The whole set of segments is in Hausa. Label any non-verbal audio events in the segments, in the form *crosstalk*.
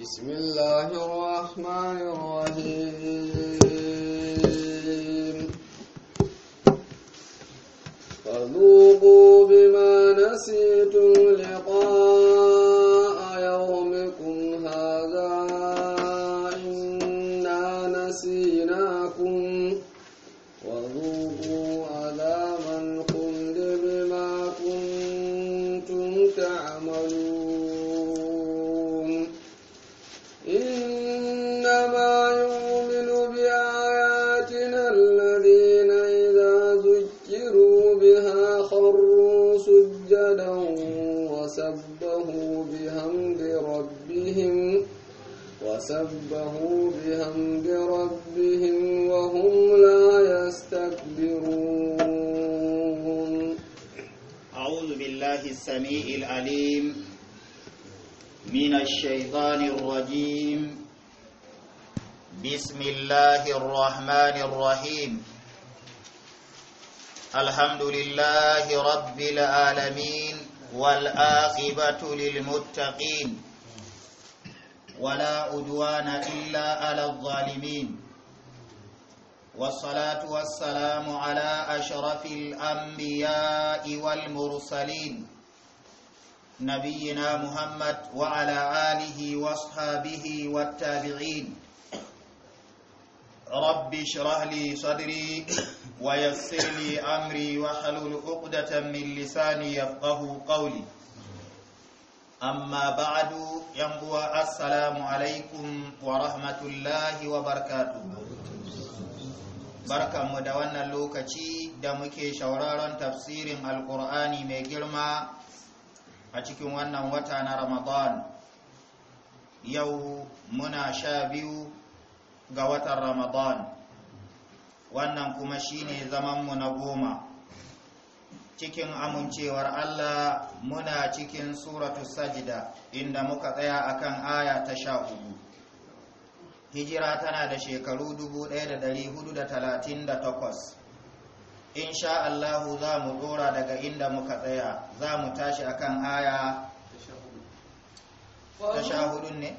بسم الله الرحمن الرحيم فذوقوا بما نسيتم من الشيطان الرجيم بسم الله الرحمن الرحيم الحمد لله رب العالمين والآخبة للمتقين ولا أدوان إلا على الظالمين والصلاة والسلام على أشرف الأنبياء والمرسلين نبينا محمد وعلى آله واصحابه والتابعين رب اشرح لي صدري ويسر لي أمري واحلل عقدة من لساني يفقه قولي أما بعد ينبوى السلام عليكم ورحمة الله وبركاته barkanmu da wannan lokaci da muke shauraron tafsirin alkur'ani mai girma a cikin wannan wata na ramadan yau muna sha biyu ga watan ramadan wannan kuma shine zamanmu na goma cikin amincewar allah muna cikin suratu sajida inda muka tsaya akan aya ta sha hudu hijira tana da shekaru 1438 in sha Allahu za mu dora daga inda muka tsaya za mu tashi akan aya ta sha hudun ne?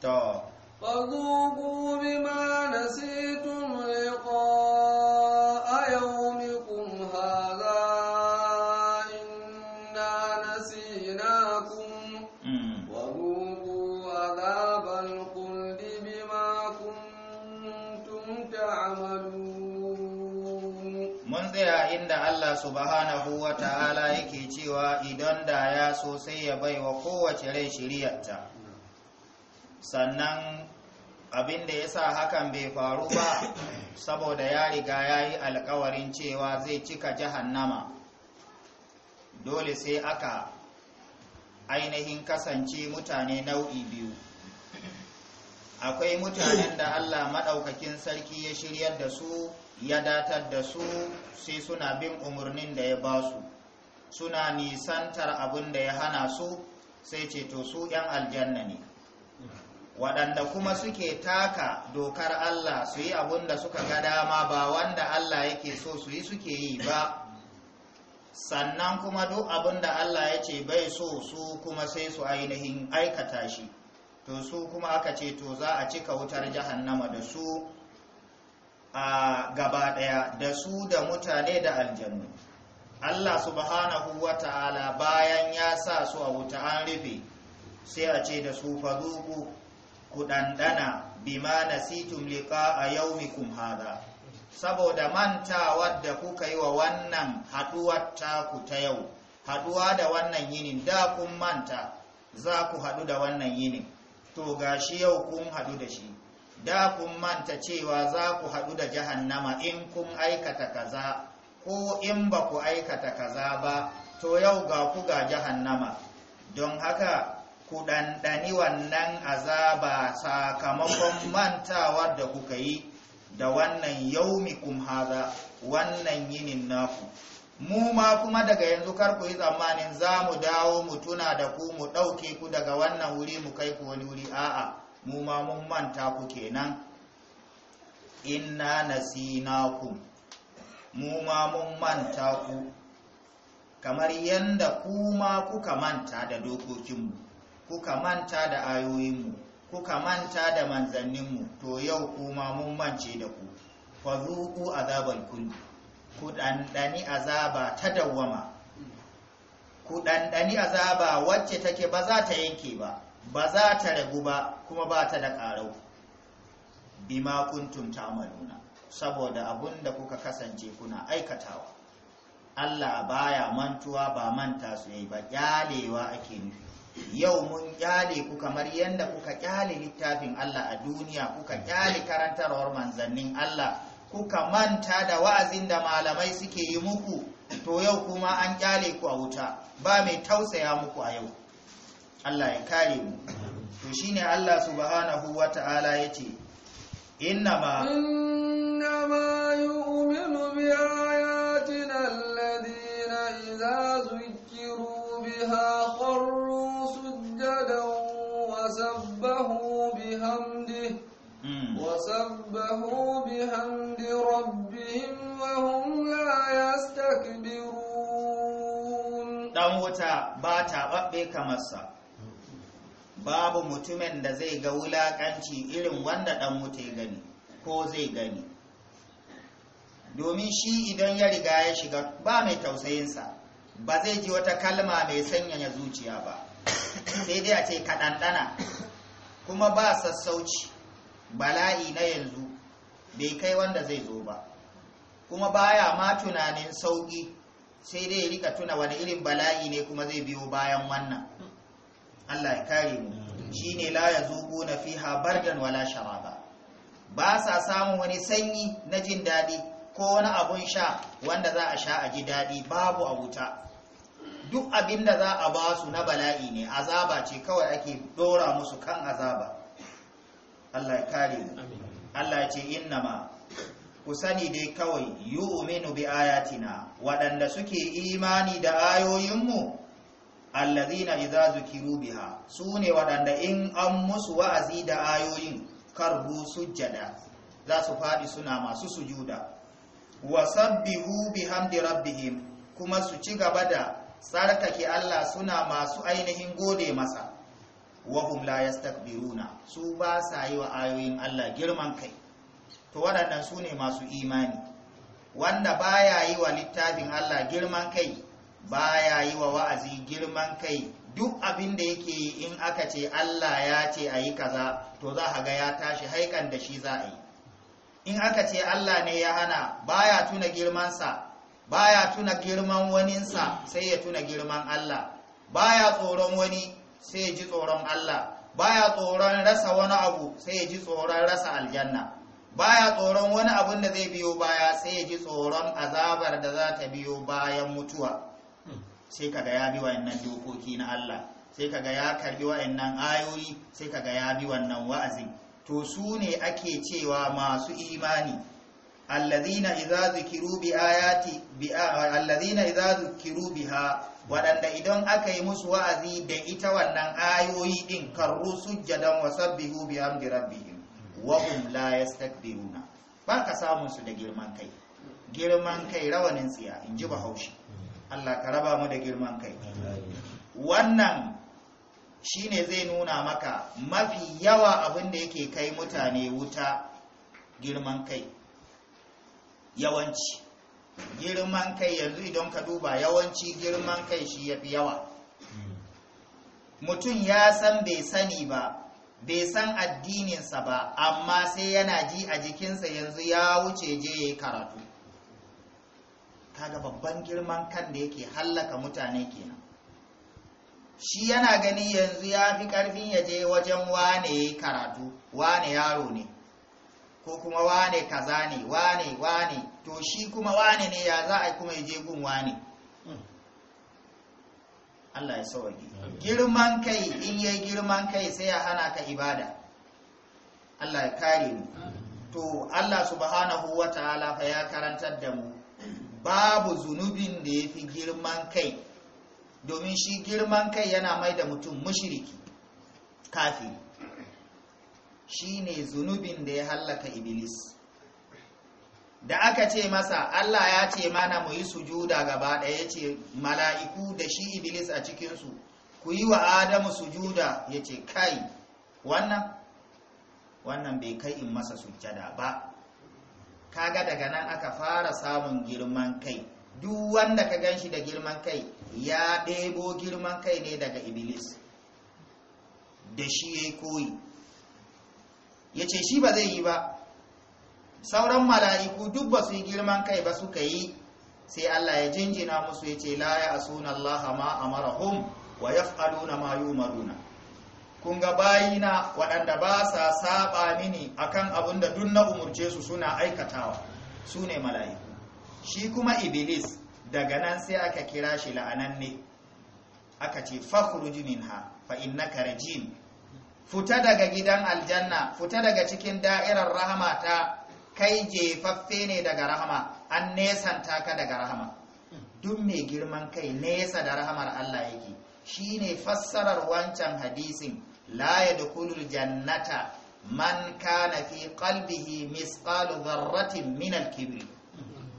to فذوقوا بما نسيتم Allah subhanahu wa ta'ala yake cewa idan da ya so sai ya bai wa kowace rai shiriyarta sannan abin da ya sa hakan bai faru ba saboda ya riga ya yi alkawarin cewa zai cika nama. dole sai aka ainihin kasance mutane nau'i biyu akwai mutanen da Allah maɗaukakin sarki ya shiryar da su ya datar da su sai suna bin umarnin da ya ba su suna nisantar abin da ya hana su sai ce to su 'yan aljanna ne waɗanda kuma suke taka dokar Allah su yi abin da suka ga dama ba wanda Allah yake so su yi suke yi ba sannan kuma duk abin da Allah ya ce bai so su kuma sai su ainihin aikata shi to su kuma aka ce to za a cika wutar jahannama da su a gaba daya da su da mutane da aljannu Allah subhanahu wa ta'ala bayan ya sa su a wuta an rufe sai a ce da su fazuku ku ɗanɗana bima nasitum a yaumikum hada saboda mantawar da kuka yi wa wannan haɗuwar taku ta yau haɗuwa da wannan yinin da kun manta za ku haɗu da wannan yinin to gashi yau kun haɗu da shi da kun manta cewa za ku haɗu da jahannama in kun aikata kaza ko in ba ku aikata kaza ba to yau ga ku ga jahannama don haka ku ɗanɗani wannan azaba sakamakon mantawar da kuka yi da wannan kum haza wannan yinin naku mu ma kuma daga yanzu kar ku yi tsammanin za mu dawo mu tuna da ku mu ɗauke ku daga wannan wuri mu kai ku wani wuri a'a mu ma mun manta ku kenan inna nasinakum mu ma mun manta ku kamar yanda ku ma kuka manta da dokokinmu kuka manta da ayoyinmu kuka manta da manzanninmu to yau kuma mun mance da ku fazuku azabal kulli ku ɗanɗani azaba ta dawwama ku ɗanɗani azaba wacce take ba za ta yanke ba ba za ta ragu ba kuma ba ta da ƙarau bima kuntum ta'maluna saboda abun da kuka kasance kuna aikatawa Allah baya mantuwa ba manta su yi ba kyalewa ake nufi yau mun kyale ku kamar yadda kuka kyale littafin Allah a duniya kuka kyale karantarwar manzannin Allah kuka manta da wa'azin da malamai suke yi muku to yau kuma an kyale ku a wuta ba mai tausaya muku a yau Allah ya kare mu to shine Allah subhanahu wata'ala yace innama innama yu'minu bi ayatina alladhina idza zukkiru biha kharru sujadan wa sabbahu bihamdi hmm. wa sabbahu bihamdi rabbihim wa hum la yastakbirun dan wuta ba ta babbe kamar babu mutumin da zai ga wulakanci irin wanda dan wuta gani ko zai gani domin shi idan ya riga ya shiga ba mai tausayinsa ba zai ji wata kalma mai sanyaya zuciya ba sai dai a ce kaɗanɗana kuma ba sassauci bala'i na yanzu bai kai wanda zai zo ba kuma baya ma tunanin sauƙi sai dai ya rika tuna wani irin bala'i ne kuma zai biyo bayan wannan Allah ya kare mu shine la yazuquna fiha bardan wala sharaba ba sa samun wani sanyi na jin dadi ko wani abun sha wanda za a sha a ji dadi babu a wuta duk abinda za a ba su na bala'i ne azaba ce kawai ake dora musu kan azaba Allah ya kare mu Allah ya ce innama ku sani dai kawai yu'minu bi ayatina waɗanda suke imani da ayoyinmu alladhina idza zukiru biha sune wadanda in an musu wa'azi da ayoyin karbu sujjada za su fadi suna masu sujuda sabbihu bihamdi rabbihim kuma su ci gaba da tsarkake Allah suna masu ainihin gode masa hum la yastakbiruna su ba sa yi wa ayoyin Allah girman kai to waɗannan sune masu imani wanda baya yi wa littafin Allah girman kai baya yi wa wa'azi girman kai duk abin da yake yi in aka ce Allah ya ce a yi kaza to za a ga ya tashi haikan da shi za a yi in aka ce Allah ne ya hana baya tuna girmansa baya tuna girman waninsa sai ya tuna girman Allah baya tsoron wani sai ya ji tsoron Allah baya tsoron rasa wani abu sai ya ji tsoron rasa aljanna baya tsoron wani abun da zai biyo baya sai ya ji tsoron azabar da za ta biyo bayan mutuwa sai kaga ya bi wa'annan dokoki na Allah sai kaga ya karbi wa'annan ayoyi sai kaga ya bi wannan wa'azin to su ne ake cewa masu imani allazina idza zukiru bi ayati bi allazina idza zukiru biha wadanda idan aka yi musu wa'azi da ita wannan ayoyi din karru sujjadan wasabbihu bihamdi rabbihim wa hum la yastakbiruna ba ka samun su da girman kai girman kai rawanin tsiya in ji bahaushe Allah ka raba mu da girman kai wannan shine zai nuna maka mafi yawa abin da yake kai mutane wuta girman kai yawanci girman kai yanzu idan ka duba yawanci girman kai shi yafi yawa mutum ya san bai sani ba bai san addininsa ba amma sai yana ji a jikinsa yanzu ya wuce je ya yi karatu kaga babban girman kan da yake hallaka mutane kenan shi yana gani yanzu ya fi karfin ya je wajen wane karatu wane yaro ne ko kuma wane kaza ne wane wane to shi kuma wane ne ya za a kuma ya je gun wane hmm. Allah ya sauwaki girman kai in yi girman kai sai ya hana ka ibada Allah ya kare mu to Allah subhanahu wa ta'ala fa ya karantar da mu babu zunubin da ya fi girman kai domin shi girman kai yana mai da mutum mushiriki kafin shi ne zunubin da ya hallaka iblis da aka ce masa allah ya ce mana mu yi sujuda gaba ɗaya ya ce mala'iku da shi iblis a cikinsu ku yi wa adamu sujuda ya ce kai wannan bai kai in masa sujada ba kaga daga nan aka fara samun girman kai duk wanda ka ganshi da girman kai ya ɗebo girman kai ne daga iblis da shi ya koyi ya ce shi ba zai yi ba sauran mala'iku duk ba su yi girman kai ba suka yi sai Allah ya jinjina musu ya ce la ya asuna Allah ma hum wa yaf'aluna ma yumaruna kun ga bayina waɗanda ba sa saba mini akan abin da duk na umurce su suna aikatawa su ne mala'iku shi kuma iblis daga nan sai aka kira shi la'ananne aka ce fakhruj minha fa innaka rajim fita daga gidan aljanna fita daga cikin da'irar rahama ta kai jefaffe ne daga rahama an nesanta ka daga rahama duk mai girman kai nesa da rahamar Allah yake shine fassarar wancan hadisin la yadkhulul jannata man kana fi qalbihi misqalu dharratin min al-kibri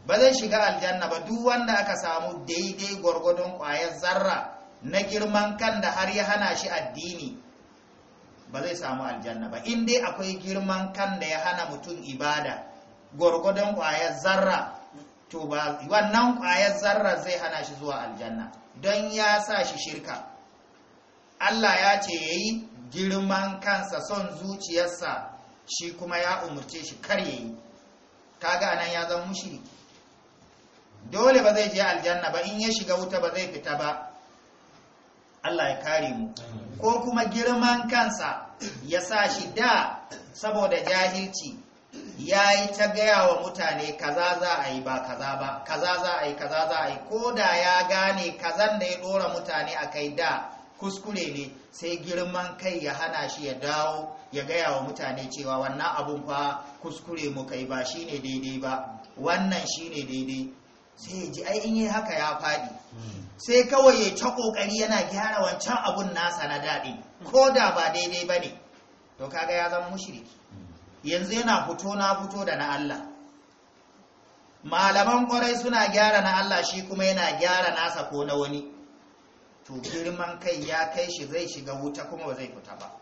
ba zai shiga aljanna ba duk wanda aka samu daidai gwargwadon ƙwayar zarra na girman kan da har ya hana shi addini ba zai samu aljanna ba in dai akwai girman kan da ya hana mutum ibada gwargwadon ƙwayar zarra to ba wannan ƙwayar zarra zai hana shi zuwa aljanna don ya sa shi shirka Allah ya ce yayi girman kansa son zuciyarsa shi kuma ya umurce shi kar yi kaga anan ya zama mushriki dole ba zai je aljanna ba in ya shiga wuta ba zai fita ba Allah ya kare mu ko kuma girman kansa ya sa shi da saboda jahilci ya yi ta gaya wa mutane kaza za a yi ba kaza ba kaza za a yi kaza za a yi ko da ya gane kazan da ya dora mutane a kai da kuskure ne sai girman kai ya hana shi ya dawo ya gaya wa mutane cewa wannan abun fa kuskure mu kai ba shine daidai ba wannan shine daidai sai ya ji ai in yi haka ya fadi sai kawai ya ta kokari yana gyara wancan abun nasa na daɗi ko da ba daidai ba ne to kaga ya zama mushriki yanzu yana fito na fito da na Allah malaman kwarai suna gyara na Allah shi kuma yana gyara nasa ko na wani to girman kai ya kai shi zai shiga wuta kuma ba zai fita ba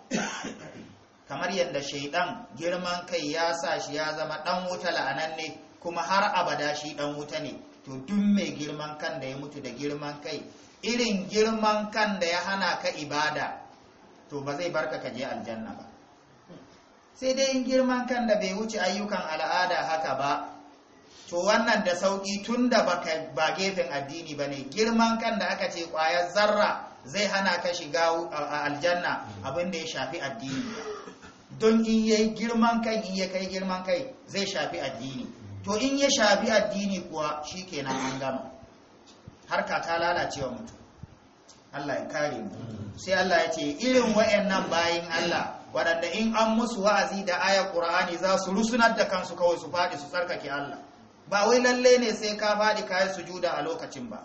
kamar yadda shaidan girman kai ya sa shi ya zama dan wuta la'ananne kuma har abada shi dan wuta ne to duk mai girman kan da ya mutu da girman kai irin girman kan da ya hana ka ibada to ba zai barka ka je aljanna ba sai dai girman kan da bai wuce ayyukan al'ada haka ba to wannan da sauki tun da ba gefen addini ba ne girman kan da aka ce ƙwayar zarra zai hana ka shiga aljanna abin da ya shafi addini don in yayi girman kai in ya kai girman kai zai shafi addini to in ya shafi addini kuwa shi kenan an gama harka ta lalacewa mutum Allah ya kare mu sai Allah ya ce irin wayannan bayin Allah waɗanda in an musu wa'azi da ayar Qur'ani za su rusunar da kansu kawai su faɗi su tsarkake Allah ba wai lalle ne sai ka faɗi kayan sujuda a lokacin ba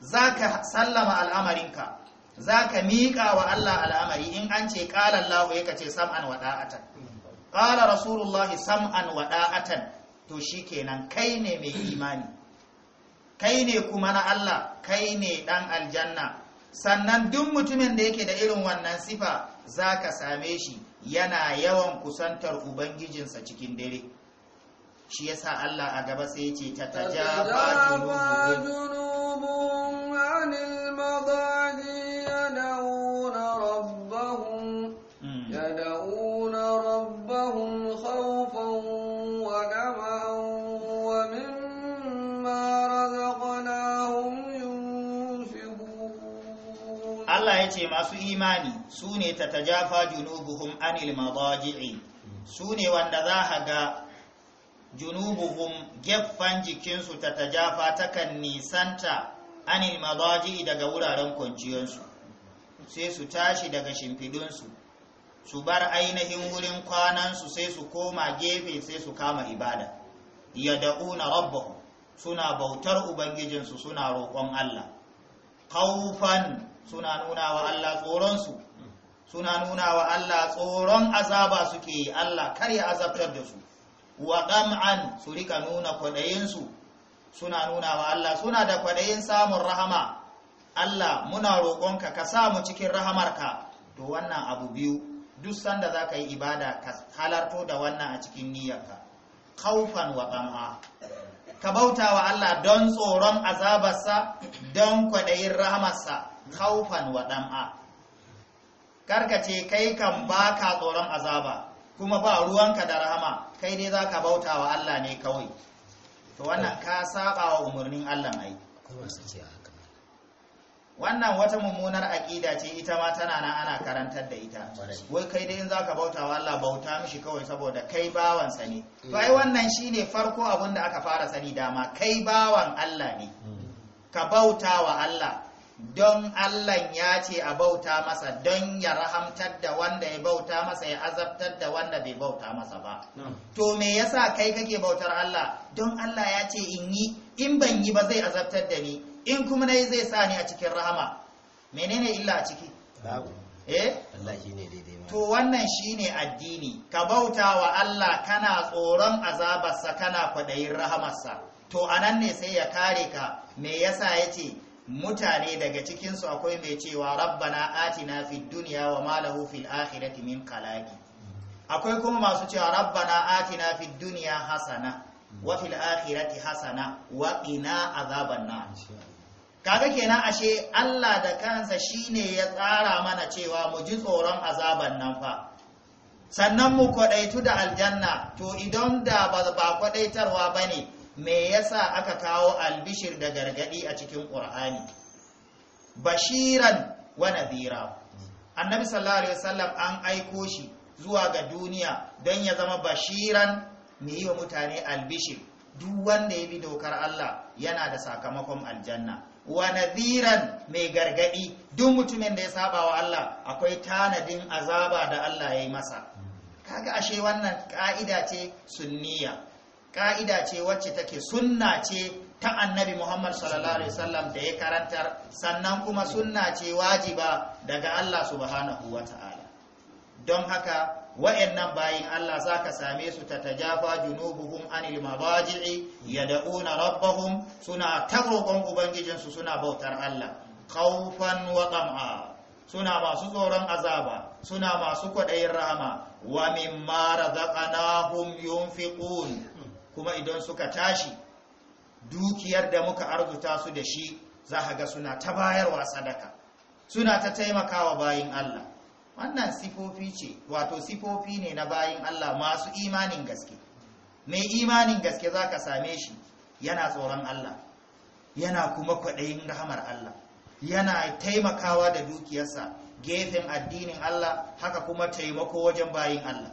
za ka sallama al'amarinka za ka miƙa wa Allah al'amari in an ce ƙalar lahu ya kace sam'an ɗa'atan. ƙalar rasulullahi sam'an ɗa'atan to shi kenan kai ne mai imani kai ne kuma na Allah kai ne ɗan aljanna sannan duk mutumin da yake da irin wannan sifa za ka same shi yana yawan kusantar ubangijinsa cikin dare. shi yasa Allah a gaba sai ce ta tajaba junubuhum anil madaji yad'una rabbahum hmm. yad'una rabbahum khawfan wa tama'an wa mimma razaqnahum yunfiqun Allah ya ce masu imani sune tatajafa junubuhum anil madaji sune wanda za a ga junubuhum gefan jikinsu ta tajafa takan nisanta anil madaji daga wuraren kwanciyarsu sai su tashi daga shimfidunsu su bar ainihin wurin kwanansu sai su koma gefe sai su kama ibada ya da'una rabbahu suna bautar ubangijinsu suna roƙon Allah kaufan suna nuna wa Allah tsoronsu suna nuna wa Allah tsoron azaba suke yi Allah kar ya azabtar da su wa dam'an su rika nuna kwadayinsu suna nuna wa Allah suna da kwadayin samun rahama Allah muna roƙonka ka sa mu cikin rahamarka to wannan abu biyu duk sanda zaka yi ibada ka halarto da wannan a cikin niyyarka kaufan wa ɗan'a ka bauta wa Allah don tsoron azabarsa don kwaɗayin rahamarsa kaufan wa ɗan'a karka kai kan baka tsoron azaba kuma ba ruwanka da rahama kai dai za ka bauta wa Allah ne kawai to wannan ka saba wa umarnin Allah mai wannan wata mummunar aƙida ce ita ma tana na ana karantar da ita wai kai dai in za ka bauta wa Allah bauta mishi kawai saboda kai bawansa ne to ai mm. wannan shine farko abin da aka fara sani dama kai bawan Allah ne mm. ka bauta wa Allah don Allah ya ce a bauta masa don ya rahamtar da wanda ya bauta masa ya azabtar da wanda bai bauta masa ba to me yasa kai kake bautar Allah don Allah ya ce in yi in ban yi ba zai azabtar da ni in kuma nayi zai sa ni a cikin rahama menene illa a ciki eh shine to wannan shine addini ka bauta wa Allah kana tsoron azabarsa kana kwadayin rahamarsa to anan ne sai ya kare ka me yasa yace mutane daga cikinsu akwai mai cewa rabbana atina fid dunya wa ma lahu fil akhirati min kalaki akwai kuma masu cewa rabbana atina fid dunya hasana wa fil akhirati hasana wa qina azaban nar kaga kenan ashe Allah da kansa shine ya tsara mana cewa mu ji tsoron azaban nan fa sannan mu kwadaitu da aljanna to idan da ba kwadaitarwa bane me yasa aka kawo albishir da gargadi a cikin ƙur'ani bashiran wa nadhira annabi sallallahu alaihi wasallam an aiko shi zuwa ga duniya don ya zama bashiran mai yi wa mutane albishir duk wanda ya bi dokar Allah yana da sakamakon aljanna wa nadhiran mai gargadi duk mutumin da ya saba wa Allah akwai tanadin azaba da Allah ya yi masa kaga ashe wannan ka'ida ce sunniya ka'ida ce wacce take sunna ce ta annabi muhammad sallallahu alaihi wasallam da ya karantar sannan kuma sunna ce wajiba daga allah subhanahu wa ta'ala don haka wa'annan bayin Allah za ka same su ta tajafa junubuhum anil mabaji'i yad'una rabbahum suna ta ubangijinsu suna bautar Allah khawfan wa tam'a suna masu tsoron azaba suna masu kwaɗayin rahama wa mimma razaqnahum yunfiqun kuma idan suka tashi dukiyar da muka arzuta su da shi za ga suna ta bayarwa sadaka suna ta taimakawa bayin Allah wannan sifofi ce wato sifofi ne na bayin Allah masu imanin gaske mai imanin gaske za ka same shi yana tsoron Allah yana kuma kwaɗayin rahamar Allah yana taimakawa da dukiyarsa gefen addinin Allah haka kuma taimako wajen bayin Allah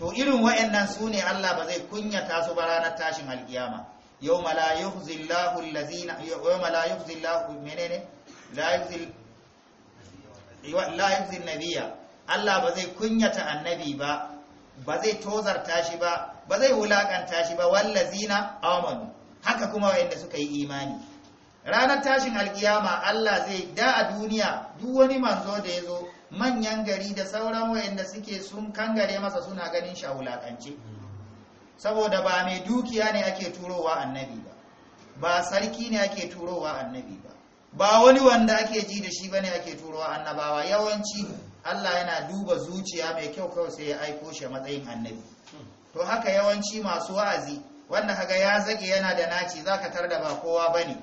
to irin wa'annan su ne Allah ba zai kunyata su ba ranar tashin alkiyama yau ma la yuhzi yau ma menene Allah ba zai kunyata annabi ba ba zai tozarta shi ba ba zai wulakanta shi ba wallazina amanu haka kuma wa'anda suka yi imani ranar tashin alkiyama Allah zai da a duniya duk wani manzo da ya zo manyan gari da sauran wayanda suke sun kangare masa suna ganin shi a wulakance saboda ba mai dukiya ne ake turowa annabi ba ba sarki ne ake turowa annabi ba ba wani wanda ake ji da shi bane ake turowa annabawa yawanci Allah yana duba zuciya mai kyau kawai sai ya aiko shi matsayin annabi to haka yawanci masu wa'azi wanda kaga ya zage yana da naci zaka tarda ba kowa bane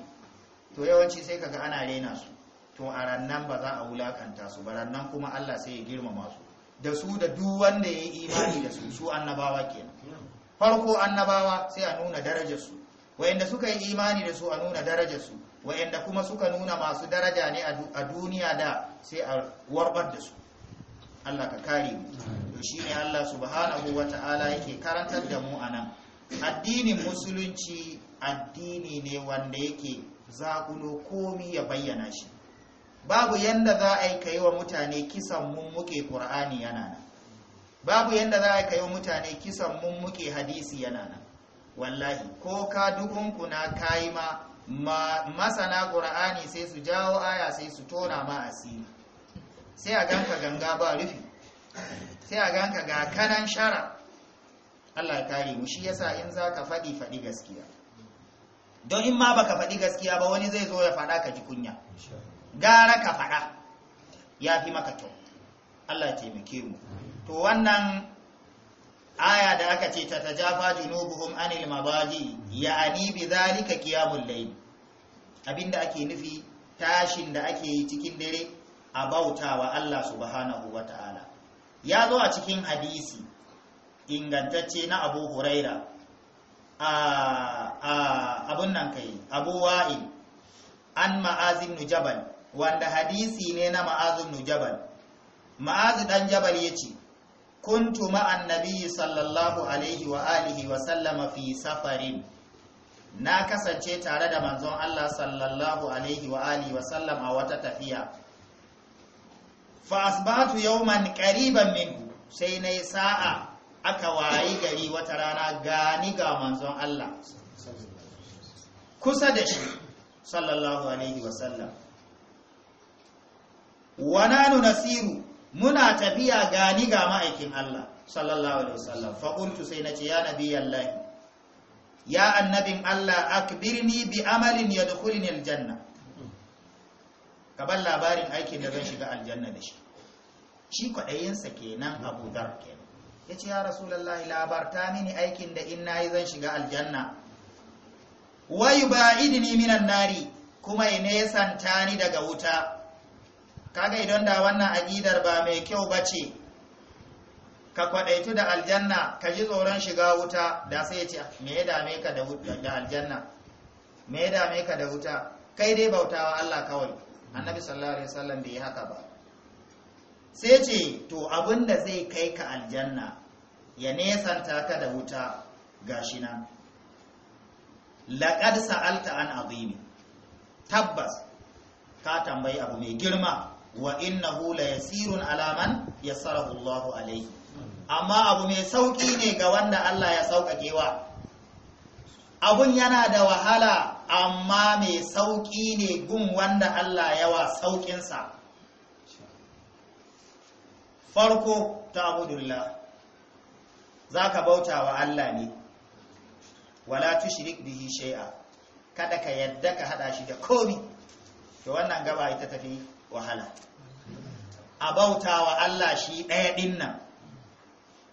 to yawanci sai kaga ana rena su to a rannan ba za a wulakanta su ba rannan kuma Allah sai ya girmama su da su da duk wanda ya yi imani da su su annabawa kenan farko annabawa sai a nuna darajar su wayanda suka yi imani da su a nuna darajar su wayanda kuma suka nuna masu daraja ne a duniya da sai a warbar da su Allah ka kare mu to shine Allah subhanahu wata'ala yake karantar da mu anan addinin musulunci addini ne wanda yake zakulo komi ya bayyana shi babu yanda za a yi ka wa mutane kisan muke ƙura'ani yana nan babu yanda za a yi ka wa mutane kisan muke hadisi yana nan wallahi ko ka dukunku na kayi ma masana ƙura'ani sai su jawo aya sai su tona ma asiri sai a ganka ganga ba rufi sai a ganka ga kanan shara Allah ya kare mu shi yasa in za ka faɗi faɗi gaskiya don in ma baka faɗi gaskiya ba wani zai zo ya faɗa ka ji kunya gara ka faɗa ya fi maka kyau Allah ya taimake mu to wannan aya da aka ce ta tajafa junubuhum anil mabaji ya'ani bi zalika kiyamun layl abinda ake nufi tashin da ake yi cikin dare a bautawa Allah subhanahu ta'ala ya zo a cikin hadisi ingantacce na Abu Huraira abun nan kai Abu Wain an ma'azin jabal wanda hadisi ne na ma'azin nujabal Ma'azin dan jabal ya ce kuntu ma'an nabiyyi sallallahu alaihi wa alihi wa sallama fi safarin na kasance tare da manzon Allah sallallahu alaihi wa alihi wa sallam a wata tafiya fa asbahatu yawman qariban minhu sai nayi sa'a aka wayi gari wata rana gani ga manzon Allah kusa da shi sallallahu alaihi wa sallam wa nanu nasiru muna tafiya gani ga ma'aikin Allah sallallahu alaihi wasallam fa qultu sai nace ya Allah ya annabin Allah akbirni bi amalin yadkhulni aljanna bar labarin aikin da zan shiga aljanna da shi shi kwadayinsa kenan Abu Dhar kenan yace ya rasulullahi labarta mini aikin da in nayi zan shiga aljanna wa yubaidni minan nari kuma ya nesanta ni daga wuta kaga idan da wannan aƙidar ba mai kyau ba ce ka kwaɗaitu da aljanna ka ji tsoron shiga wuta da sai ce me ya dame ka da aljanna me ya dame ka da wuta kai dai bautawa Allah kawai annabi sallallahu alaihi wasallam bai haka ba sai ce to abin da zai kai ka aljanna ya nesanta ka da wuta gashi nan laqad sa'alta an azimi tabbas ka tambayi abu mai girma wa innahu la yasirun alaman yassarahu Allah alaihi amma abu mai sauki ne ga wanda Allah ya sauƙaƙe wa abun yana da wahala amma mai sauƙi ne gun wanda Allah yawa sauƙinsa farko ta abudullah za ka bauta wa Allah ne wala tushrik bihi shay'a kada ka yadda ka hada shi da kori. to wannan gaba ita tafi wahala a bautawa Allah shi ɗaya ɗin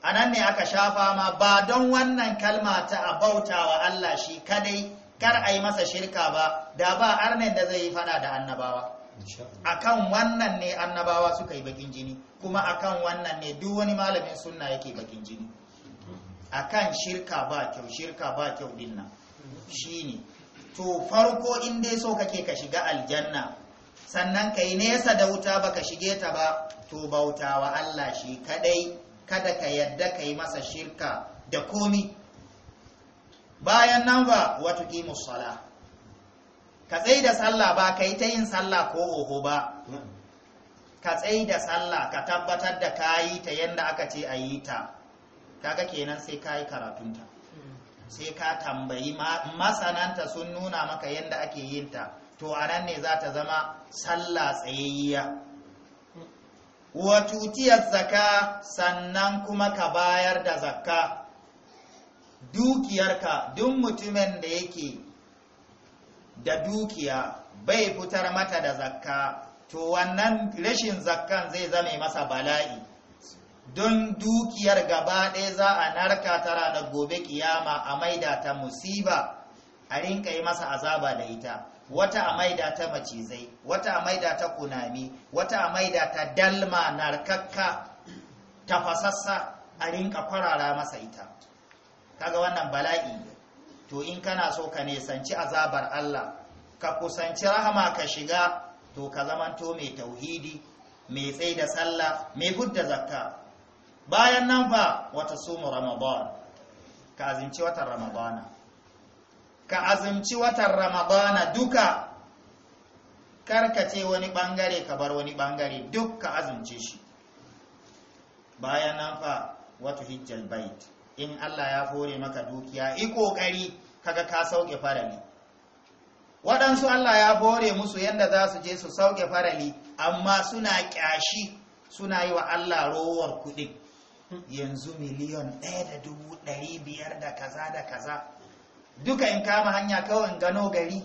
a nan ne aka shafa ma ba don wannan kalma ta a bauta wa Allah shi kadai kar a yi masa shirka ba da ba arnen da zai yi fada da annabawa A kan wannan ne annabawa suka yi bakin jini kuma a kan wannan ne duk wani malamin suna yake bakin jini A kan shirka ba kyau shirka ba kyau din shi ne. to farko in dai so kake ka shiga aljanna sannan ka yi nesa da wuta ba ka shige ta ba to bauta wa Allah shi kadai kada ka yadda ka yi masa shirka da komi bayan nan ba wata ƙimus sala ka tsaye da sallah ba kai ta yin sallah ko oho ba ka tsaye da sallah ka tabbatar da ka yi ta yadda aka ce a yi ta kaga kenan sai ka yi karatunta hmm. sai ka tambayi masananta sun nuna maka yadda ake yin ta to a nan ne za ta zama sallah tsayayya watutiyar tutiyar zaka sannan kuma ka bayar da zakka dukiyarka duk mutumin da yake da dukiya bai fitar mata da zakka to wannan rashin zakkan zai zame masa bala'i don dukiyar gaba ɗaya za a narka ta ranar gobe kiyama a maida ta musiba a rinka yi masa azaba da ita wata a maida ta macizai wata a maida ta kunami wata a maida ta dalma narkakka tafasassa a rinka kwarara masa ita kaga wannan bala'i to in kana so ka nesanci azabar Allah ka kusanci rahama ka shiga to ka zamanto mai tauhidi mai tsaye da sallah mai Budda zakka bayan nan fa wata sumu ramadan ka azinci watan ramadana ka azumci watan ramadana duka karkace wani bangare ka bar wani bangare duk ka azumce shi bayan nan fa watu hijjal bait in Allah ya fore maka dukiya i kokari kaga ka sauke farali waɗansu Allah ya fore musu yadda za su je su sauke farali amma suna ƙyashi suna yi wa Allah rowar kuɗi yanzu miliyon ɗaya da dubu ɗari biyar da kaza da kaza duka in kama hanya kawai in gano gari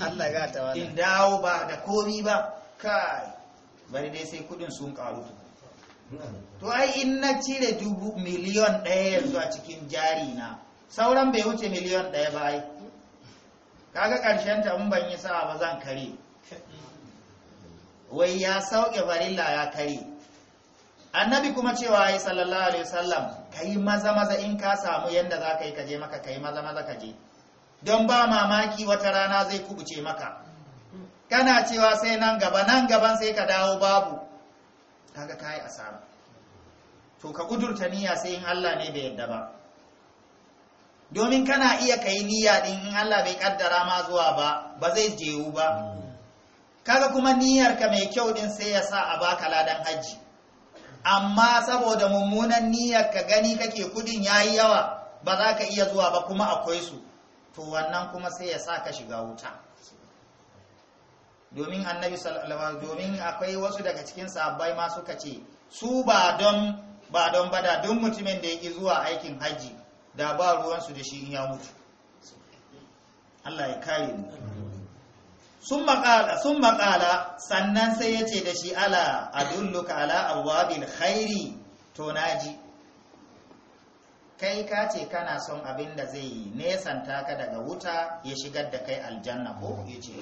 Allah ga ta in dawo ba da komi ba kai bari dai sai kudin sun karu to ai in na cire dubu miliyon ɗaya yanzu a cikin jari na sauran bai wuce miliyon ɗaya ba ai kaga ƙarshen ta in ban yi sa'a ba zan kare wai ya sauke farilla ya kare annabi kuma cewa ai sallallahu alaihi wasallam ka yi maza maza in ka samu yadda za ka yi kaje maka ka yi maza maza kaje don ba mamaki wata rana zai kubuce maka kana cewa sai nan gaba nan gaban sai ka dawo babu kaga ka yi asara to ka kudurta niyya sai in Allah ne bai yadda ba domin kana iya ka yi niyya din in Allah bai kaddara ma zuwa ba ba zai jewu ba hmm. kaga kuma niyyarka mai kyau din sai ya sa a baka ladan hajji amma saboda mummunan niyyar ka gani kake kudin yi yawa ba za ka iya zuwa ba kuma akwai su to wannan kuma sai ya sa ka shiga wuta domin annabi sallallahu domin akwai wasu daga cikin sabbai ma suka ce su ba don ba don bada don mutumin da yake zuwa aikin hajji, da ba ruwansu da shi in ya mutu Allah ya kare mu sun makala sannan sai ya ce da shi ala adulluka ala abwabil khairi to naji kai ka ce kana son abin da zai nesanta ka daga wuta ya shigar da kai aljanna ko ya ce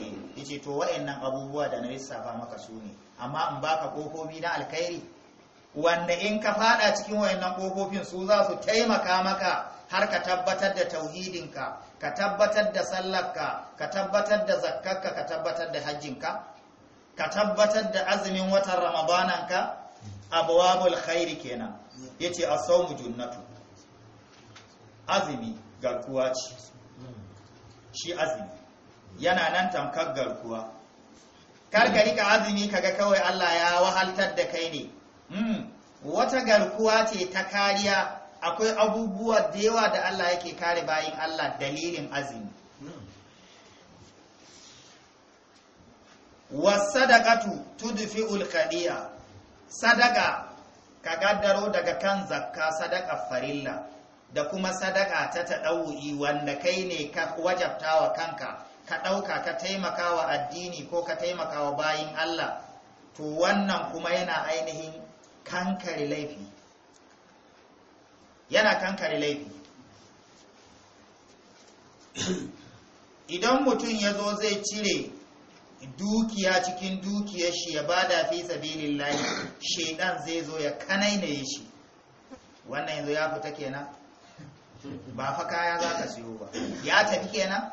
eh. to wa'annan abubuwa da na lissafa maka su ne amma in baka ƙofofi na alkhairi wanda in ka fada cikin wa'annan ƙofofin su za su taimaka maka har ka tabbatar da tauhidinka ka tabbatar da sallarka ka tabbatar da zakkarka ka tabbatar da hajjinka ka tabbatar da azumin watan ramadananka abwabul khairi kenan yace as-sawmu junnatu azumi garkuwa ce shi azumi yana nan tamkar garkuwa kar ka rika azumi kaga kawai Allah ya wahaltar da kai ne hmm. wata garkuwa ce ta kariya akwai abubuwa da yawa da Allah yake kare bayan Allah dalilin azumi wasadaqatu tudfi'ul qadi'a sadaka ka gaddaro daga kan zakka sadaka farilla da kuma sadaka ta tadawu'i wanda kai ne ka wajabtawa kanka ka dauka ka taimakawa addini ko ka taimakawa bayin Allah to wannan kuma yana ainihin kankare laifi yana kankare laifi idan mutum ya zo zai cire dukiya cikin dukiyar shi ya bada fi sabilin layi shaidan zai zo ya ya shi wannan yanzu ya fita kenan ba fa kaya za ka siyo ba ya tafi kenan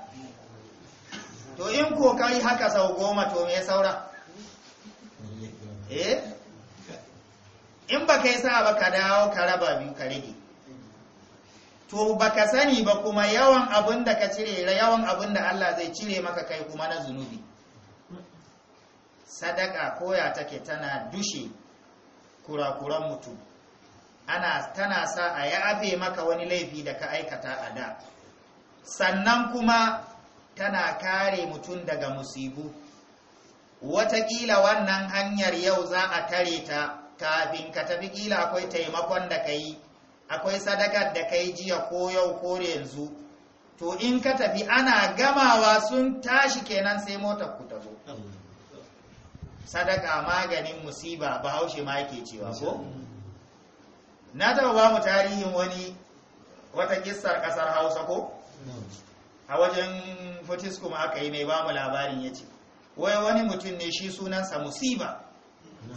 to in kokari haka sau goma to me saura eh in ba kai sa ba ka dawo ka raba biyu ka rage to baka sani ba kuma yawan abin da ka cire yawan abin da Allah zai cire maka kai kuma na zunubi sadaka koya take tana dushe kurakuran mutum ana tana sa a afe maka wani laifi da ka aikata a da sannan kuma tana kare mutum daga musibu watakila wannan hanyar yau za a tare ta kafin ka tafi kila akwai taimakon da ka yi akwai sadakar da kai jiya ko yau ko yanzu to in ka tafi ana gamawa sun tashi kenan sai motar ku ta zo sadaka maganin musiba ba haushe ma yake cewa ko na taɓa ba mu tarihin wani wata kissar ƙasar hausa ko a wajen fotis kuma aka yi mai ba mu labarin ya ce wai wani mutum ne shi sunansa musiba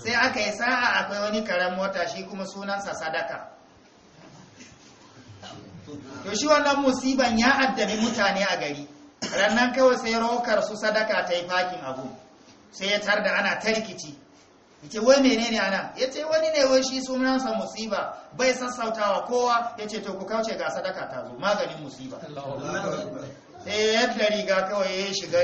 sai aka yi sa'a akwai wani karen mota shi kuma sunansa sadaka to shi wannan musiban ya addabi mutane a gari rannan kawai sai rokar su sadaka ta yi fakin abu sai ya tarda ana tarkici yace wai menene ana ce wani ne wai shi sunansa musiba bai sassautawa kowa Ya ce to ku kauce ga sadaka ta zo maganin musiba sai ya yadda riga kawai ya shiga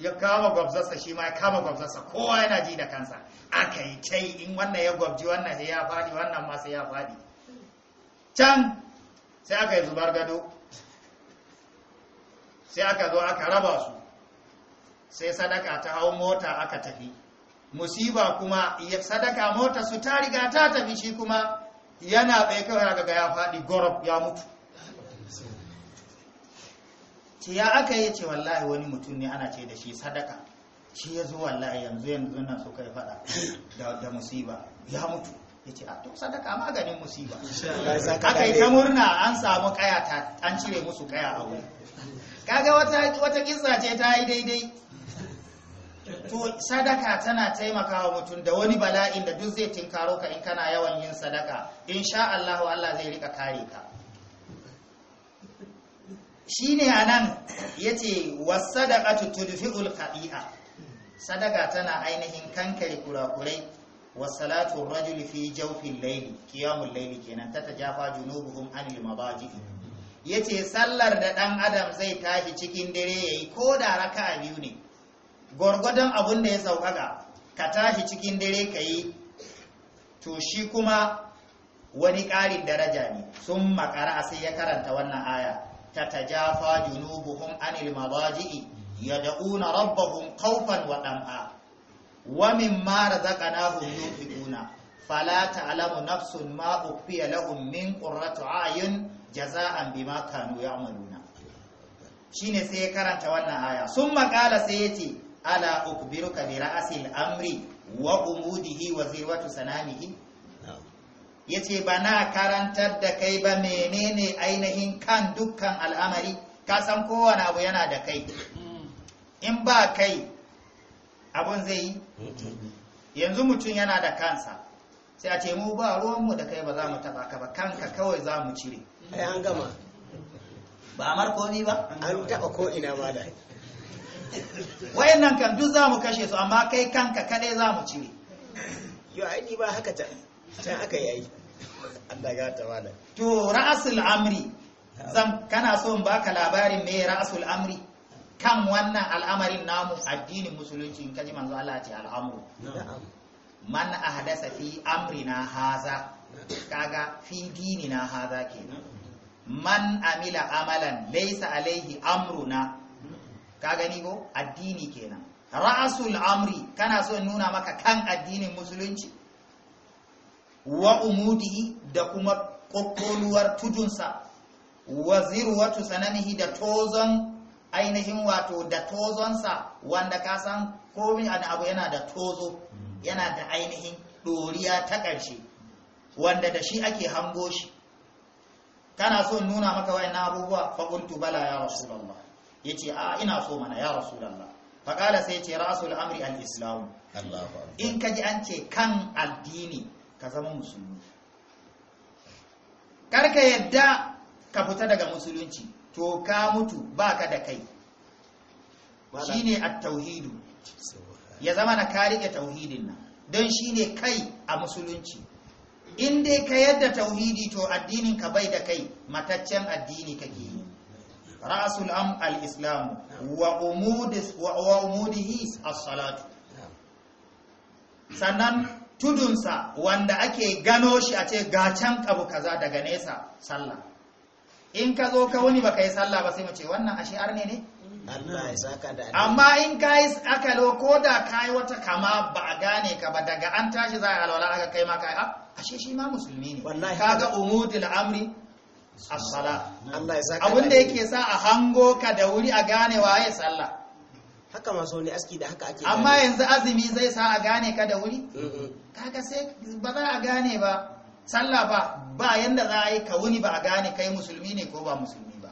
ya kama gwabzarsa shi ma ya kama gwabzarsa kowa yana ji da kansa aka yi ta in wannan ya gwabji wannan ya faɗi wannan ma sai ya faɗi can sai aka yi zubar gado sai aka zo aka raba su sai sadaka ta hau mota aka tafi musiba kuma sadaka mota su ta riga ta tafi shi kuma yana bai kawai daga ya faɗi gorob ya mutu ce ya aka yi ce wallahi wani mutum ne ana ce da shi sadaka shi ya zo wallahi yanzu yanzu nan suka yi faɗa da musiba ya mutu ya ce a to sadaka maganin musiba aka yi ta murna an samu kaya ta an cire musu kaya a wuri kaga wata wata ce ta yi daidai to sadaka tana taimakawa mutum da wani bala'in da duk zai tinkaro ka in kana yawan yin sadaka sha Allah Allah zai rika kare ka Shi ne anan yace wasadaqatu tudfi'ul khati'a sadaka tana ainihin kankare kurakurai wasalatu rajuli fi jawfil layli qiyamul layli kenan tatajafa junubuhum anil mabaji yace sallar da dan adam zai tashi cikin dare yayi ko da a biyu ne gwargwadon abun da ya saukaka ka tashi cikin dare kayi to shi kuma wani ƙarin daraja ne sun makara sai ya karanta wannan aya ta tajafa junubuhum anil mabaji'i yad'una rabbahum khawfan wa dam'a wa mimma razaqnahum yunfiquna fala ta'lamu nafsun ma ukhfiya lahum min qurratu ayun jaza'an bima kanu ya'maluna shine sai ya karanta wannan aya sun makala sai ya ce ala ukbiruka bi ra'asil amri wa umudihi wa zirwatu sanamihi yace ba na karantar da kai ba menene ainihin kan dukkan al'amari ka san kowane abu yana da kai in ba kai abun zai yi yanzu mutum yana da kansa sai a ce mu ba ruwanmu da kai ba za mu taba ka ba kanka kawai za mu cire ai an gama ba a ni ba an taba ko ina ba da nan kan duk za mu kashe su amma kai kanka kade za mu cire yo ai ba haka ta Sai aka yayi Allah ga ta wala to ra'asul amri zan kana so in baka labarin me ra'asul amri kan wannan al'amarin namu addinin musulunci in kaji manzo Allah ce al'amru man ahdasa fi amrina haza kaga fi dinina haza kenan man amila amalan laysa alayhi amruna ka gani ko addini kenan ra'asul amri kana so nuna maka kan addinin musulunci wa umudihi da kuma kokkoluwar tujunsa wa watu sananihi da tozon ainihin wato da tozonsa wanda ka san komi an abu yana da tozo yana da ainihin ɗoriya ta ƙarshe wanda da shi ake hango shi kana so nuna maka wayan abubuwa faƙuntu bala ya rasulallah ya ce a ina so mana ya rasulallah faƙala sai ce rasul amri al islam in ka ji an ce kan addini ka zama musulmi karka yadda ka fita daga musulunci to ka mutu ba ka da kai shi ne a tauhidu ya zama na ka riƙe tauhidin nan don shi ne kai a musulunci in dai ka yadda tauhidi to addinin ka bai da kai mataccen addini kake yi ra'asul am al-islam wa umudihi salatu sannan tudunsa wanda ake gano shi a ce gacan abu kaza daga nesa sallah in ka zo ka wani baka yi sallah ba sai mu ce wannan ashe arne ne amma in ka yi akalo ko da ka yi wata kama ba a gane ka ba daga an tashi za a alwala aka kai ma ka yi ah, ashe shi ma musulmi ne ka ga umudil amri as-sala abin da yake sa a hango ka da wuri a gane waye sallah haka masu ne aski da haka ake amma yanzu azumi zai sa a gane ka da wuri kaga sai ba za a gane ba sallah ba ba yanda za a yi ka wuni ba a gane kai musulmi ne ko ba musulmi ba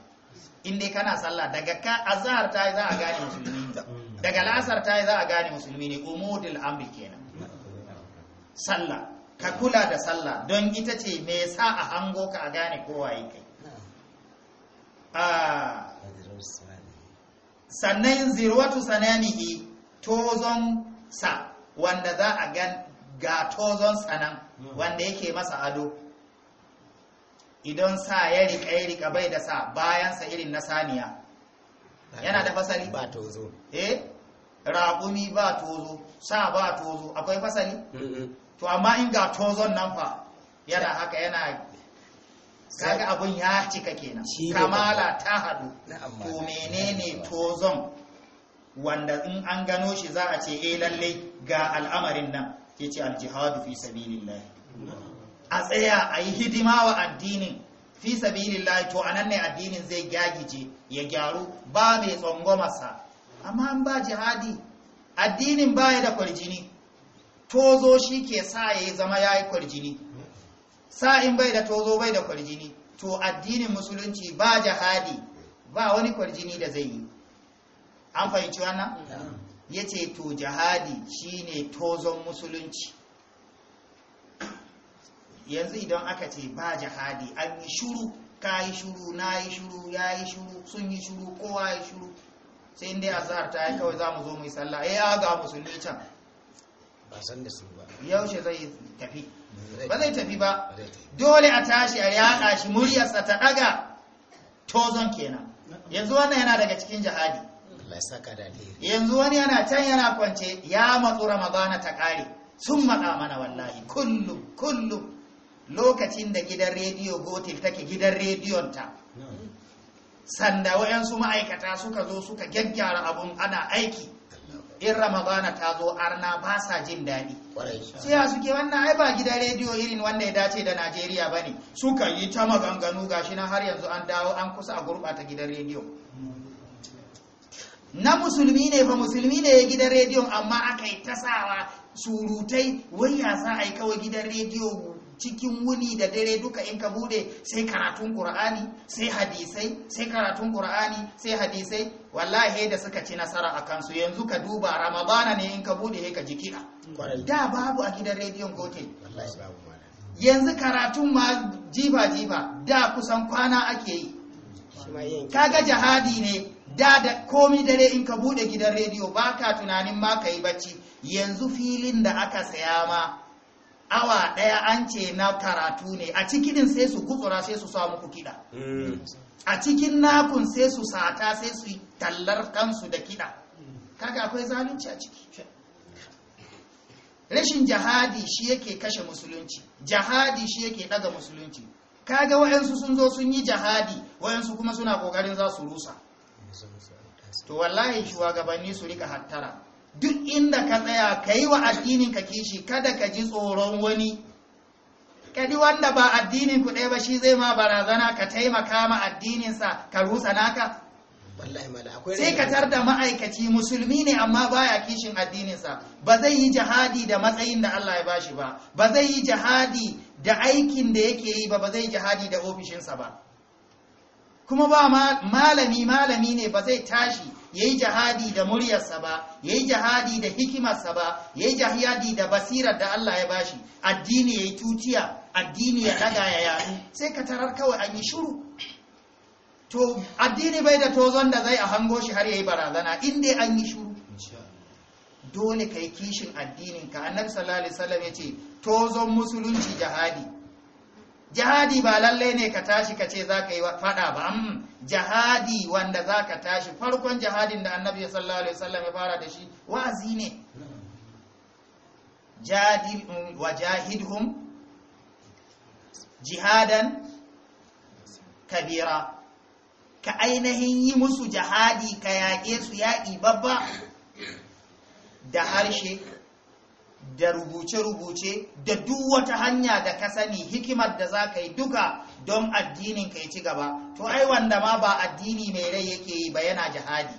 inda ka kana sallah daga ka azhar ta yi za a gane musulmi ne daga lasar ta yi za a gane musulmi ne umudul amri kenan sallah ka kula da sallah don ita ce me sa a hango ka a gane kowa yi kai ah. sannan zirwatu sananihi tozon sa wanda za a gan ga tozon sanan wanda yake masa ado idan sa ya rika ya rika bai da sa bayansa irin na saniya yana da fasali ba tozo eh raƙumi ba tozo sa ba tozo akwai fasali to amma in ga tozon nan fa yana haka yana kaga abun ya cika kenan kamala ta hadu to menene tozon wanda in an gano shi za a ce eh lalle ga al'amarin nan yace al fi sabilillah a tsaya a yi hidima wa addinin fi sabilillah to anan ne addinin zai gagije ya gyaru ba mai masa amma an ba jihadi addinin baya da kwarjini tozo shi ke sa ya zama ya yi kwarjini in bai da tozo bai da kwarjini to addinin musulunci ba jihadi ba wani kwarjini da zai yi an fahimci wannan ya ce to jihadi shine tozon musulunci yanzu idan aka ce ba jihadi an yi shuru ka yi shuru na yi shuru ya yi shuru sun yi shuru kowa yi shuru sai inda ya zahar ta yi kawai za mu zo mu yi eh, ya ga musulmi yaushe zai tafi ba zai tafi ba dole a tashi a yaɗa shi muryarsa ta ɗaga tozon kenan yanzu wannan yana daga cikin jihadi yanzu wani yana can yana kwance ya matsu ramadana ta kare sun matsa mana wallahi kullum kullum lokacin da gidan rediyo gotil take gidan rediyon ta sanda wayansu ma'aikata suka zo suka gyaggyara abun ana aiki in ramadana ta zo arna ba sa jin daɗi su ya suke wannan ai ba gidan rediyo irin wanda ya dace da najeriya ba ne suka yi ta maganganu gashi na har yanzu an dawo an kusa a gurɓata gidan rediyo na musulmi ne fa musulmi ne ya gidan rediyon amma aka yi tasawa surutai wai ya za a yi kawai gidan rediyo cikin wuni da dare duka in ka bude sai karatun qur'ani sai hadisai sai karatun qur'ani sai hadisai wallahi da suka ci nasara a kansu yanzu ka duba ramadana ne in ka bude sai ka ji kiɗa da babu a gidan rediyon gotel yanzu karatun ma jiba jiba da kusan kwana ake yi kaga jihadi ne da da komi dare in ka bude gidan rediyo baka tunanin ma ka yi bacci yanzu filin da aka saya ma awa daya an ce na karatu ne a cikin sai su gutsura sai su sa muku kiɗa hmm. a cikin nakun sai su sata sai su tallar kansu da kiɗa kaga akwai zalunci a ciki rashin jihadi shi yake kashe musulunci jihadi shi yake daga musulunci kaga wayansu sun zo sun yi jihadi wayansu kuma suna kokarin za su rusa to wallahi shugabanni su rika hattara duk inda ka tsaya ka yi wa addinin ka kishi kada ka ji tsoron wani kadi wanda ba addinin ku ɗaya ba shi zai ma barazana ka taimaka ma addininsa ka rusa naka sai ka tar da ma'aikaci musulmi ne amma baya kishin addininsa ba zai yi jihadi da matsayin da Allah ya bashi ba ba zai yi jihadi da aikin da yake yi ba ba zai yi jihadi da ofishinsa ba kuma ba malami malami ne ba zai tashi ya yi jihadi da muryarsa ba ya yi jihadi da hikimarsa ba ya yi jihadi da basirar da Allah ya bashi addini ya yi tutiya addini ya daga ya yaɗu. sai ka tarar kawai an yi shuru. to addini bai da tozon da zai a hango shi har ya yi barazana in dai an yi shuru. dole ka yi kishin addinin ka annabi sallallahu alaihi wasallam yace tozon musulunci jihadi jihadi ba lallai ne ka tashi ka ce za ka yi fada ba jihadi wanda za ka tashi farkon jihadin da annabi sallallahu alaihi wasallam ya fara da shi wa'azi ne jadil wa jihadan kabira ka ainihin yi musu jihadi ka yaƙe su yaƙi babba da harshe da rubuce-rubuce da duk wata hanya da ka sani hikimar da za ka yi duka don addinin ka ci gaba to ai wanda ma ba addini mai rai yake yi ba yana jihadi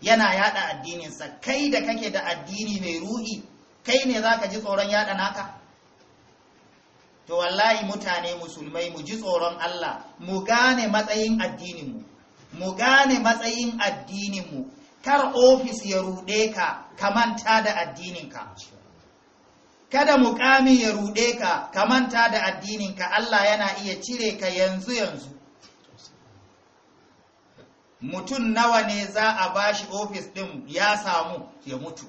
yana yada addininsa kai da kake da addini mai ruhi kai ne za ka ji tsoron yada naka to wallahi mutane musulmai mu ji tsoron Allah mu gane matsayin addininmu mu gane matsayin addininmu kar ofis ya ruɗe ka ka manta da addininka kada mukamin ya rude ka ka manta da addininka Allah yana iya cire ka yanzu yanzu mutum nawa ne za a bashi ofis din ya samu ya mutu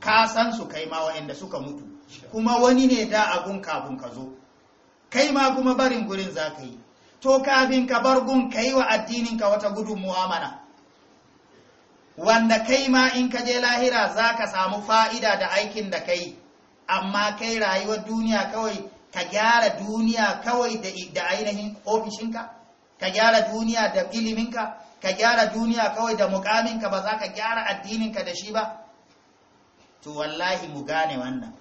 ka san su kai ma waɗanda suka mutu kuma wani ne da agun kafin ka zo kai ma kuma barin gurin za ka yi to kafin ka bar gun ka yi wa addininka wata gudun mu'amala. wanda kai ma in ka je lahira za ka samu fa'ida da aikin da kai amma kai rayuwar duniya kawai ka gyara duniya kawai da ainihin ofishinka ka gyara duniya da iliminka ka gyara duniya kawai da mukaminka ba za ka gyara addininka da shi ba to wallahi mu gane wannan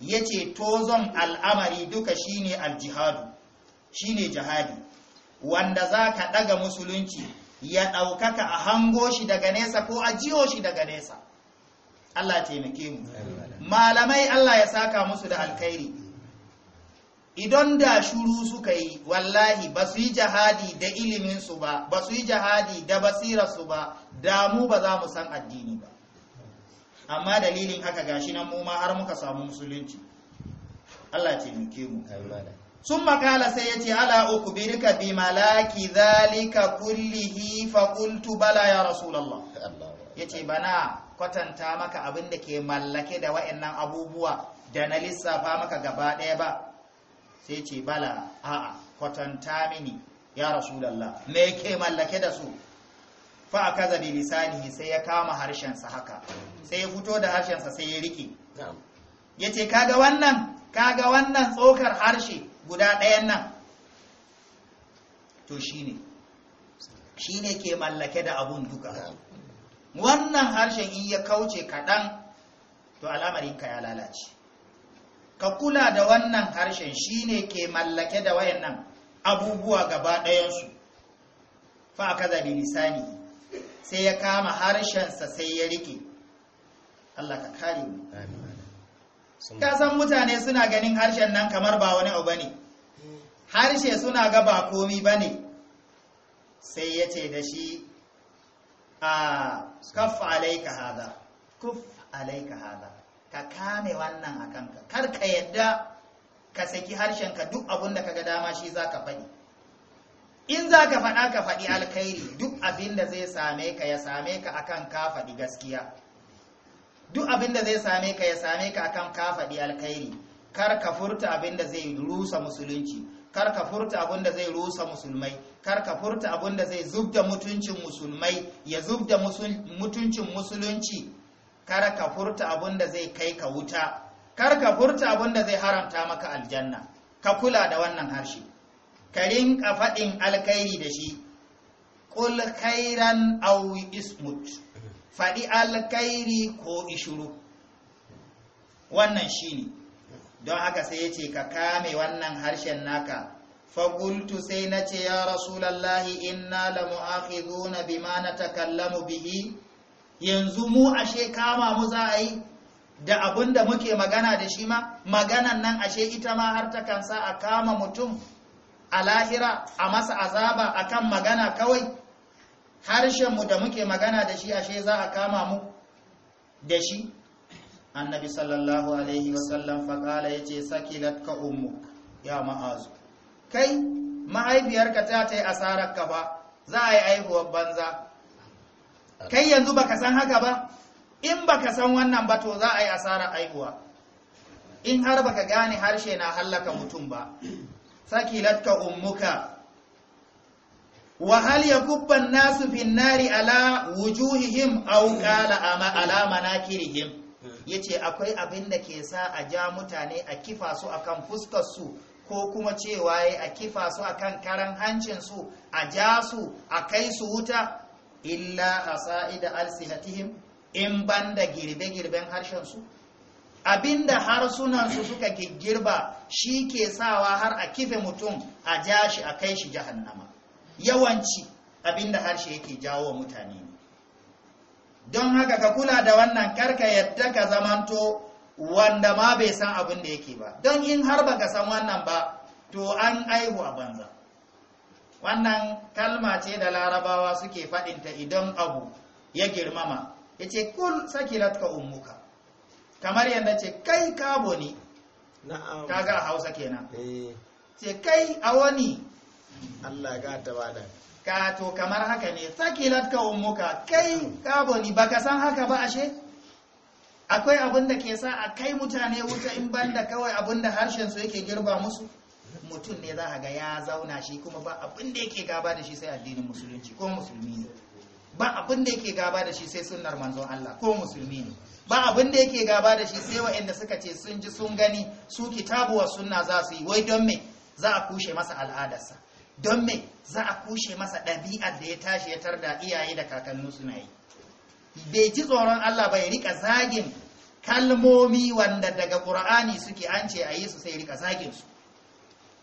ya ce tozon al'amari duka shine aljihadu shine jihadi wanda za ka ɗaga musulunci ya ɗaukaka a hango shi daga nesa ko a jiyo shi daga nesa Allah taimake mu malamai Allah ya saka musu da alkhairi idan da shuru suka yi wallahi ba su yi jihadi da iliminsu ba ba su yi jihadi da basirarsu ba damu ba za mu san addini ba amma dalilin haka gashi nan mu ma har muka samu musulunci Allah ce taimake mu sun makala sai ya ce ala uku birka bi malaki zalika kullihi fa qultu bala ya rasulullah yace bana kwatanta maka abin da ke mallake da wa'annan abubuwa da na lissafa maka gaba ɗaya ba sai ce bala a'a kwatanta mini ya rasulallah me ke mallake da su fa a kaza bi lisanihi sai ya kama harshensa haka sai ya fito da harshensa sai ya rike ya ce kaga wannan kaga wannan tsokar harshe guda ɗayan nan to shi ne, shi ne ke mallake da abun duka wannan harshen in ya kauce kaɗan to al'amarinka ya lalace ka kula da wannan harshen shine ke mallake da wayannan abubuwa gaba ɗayansu fa a kaza bi lisani sai ya kama harshensa sai ya rike Allah ka kare mu ka san mutane suna ganin harshen nan kamar ba wani abu bane harshe suna ga ba komi bane sai ya ce da shi a ah, kaf alaika hada kuf alaika hada ka kame wannan a kanka kar ka yadda ka saki harshen ka duk abin da kaga dama shi za ka faɗi in za ka faɗa ka faɗi alkhairi duk abin da zai same ka ya same ka akan ka faɗi gaskiya duk abin da zai same ka ya same ka akan ka faɗi alkhairi kar ka furta abin da zai rusa musulunci kar ka furta abin da zai rusa musulmai kar ka furta abin da zai zubda mutuncin musulmai ya zubda mutuncin musulunci kar ka furta abin da zai kai ka wuta kar ka furta abin da zai haramta maka aljanna ka kula da wannan harshe ka rinka faɗin alkhairi da shi qul khairan aw ismut faɗi alkhairi ko ishuru wannan shine don haka sai ya ce ka kame wannan harshen naka fagultu sai na ce ya rasulallahi inna la na bima mu bihi yanzu mu ashe kama mu za a yi da abin da muke magana da shi ma maganan nan ashe ita ma har ta kansa a kama mutum a lahira a masa azaba akan magana kawai harshen mu da muke magana da shi ashe za a kama mu da shi annabi sallallahu alaihi wasallam faƙala ya ce sakilat ka ummu ya ma'azu kai mahaifiyarka ta ta yi asarar ka ba za a yi aihuwar banza kai yanzu baka san haka ba in baka san wannan ba to za a yi asarar aihuwa in har baka gane harshe na hallaka mutum ba sakilat ka ummuka wa hal yakubban nasu finnari ala wujuhihim aw qala ala manakirihim Ya ce akwai abin da ke sa a ja mutane a kifa su akan fuskar su ko kuma cewa ya a kifa su akan karan hancinsu a ja su a kai su wuta illa a asaida alsihatihim in banda girbe-girben harshen su da harsunan suka girba shi ke sawa har a kife mutum a ja shi a kai shi jahannama yawanci abin da harshe yake jawo mutane don haka ka kula da wannan karka yadda ka zamanto wanda ma bai san abin da yake ba don in har ba ka san wannan ba to an aihu a banza wannan kalma ce da larabawa suke faɗinta idan abu ya girmama ya ce kul sakilat ka ummuka kamar yadda ce kai kabo ne ta a hausa kenan eh. ce kai a wani allah ga ta bada ka to kamar haka ne sakilat ka umuka kai kaboni baka san haka ba ashe akwai abun da ke sa a kai mutane wuta in banda kawai abun da harshen su yake girba musu mutum ne za a ga ya zauna shi kuma ba abun da yake gaba da shi sai addinin musulunci ko musulmi ne ba abun da yake gaba da shi sai sunnar manzon Allah ko musulmi ne ba abun da yake gaba da shi sai waɗanda suka ce sun ji sun gani su kitabu wa sunna za su yi wai don me za a kushe masa al'adarsa don me za a kushe masa ɗabi'ar da ya tashi ya tarda iyaye da kakannin suna yi bai ji tsoron Allah bai rika zagin kalmomi wanda daga ƙur'ani suke an ce a yi su sai rika zagin su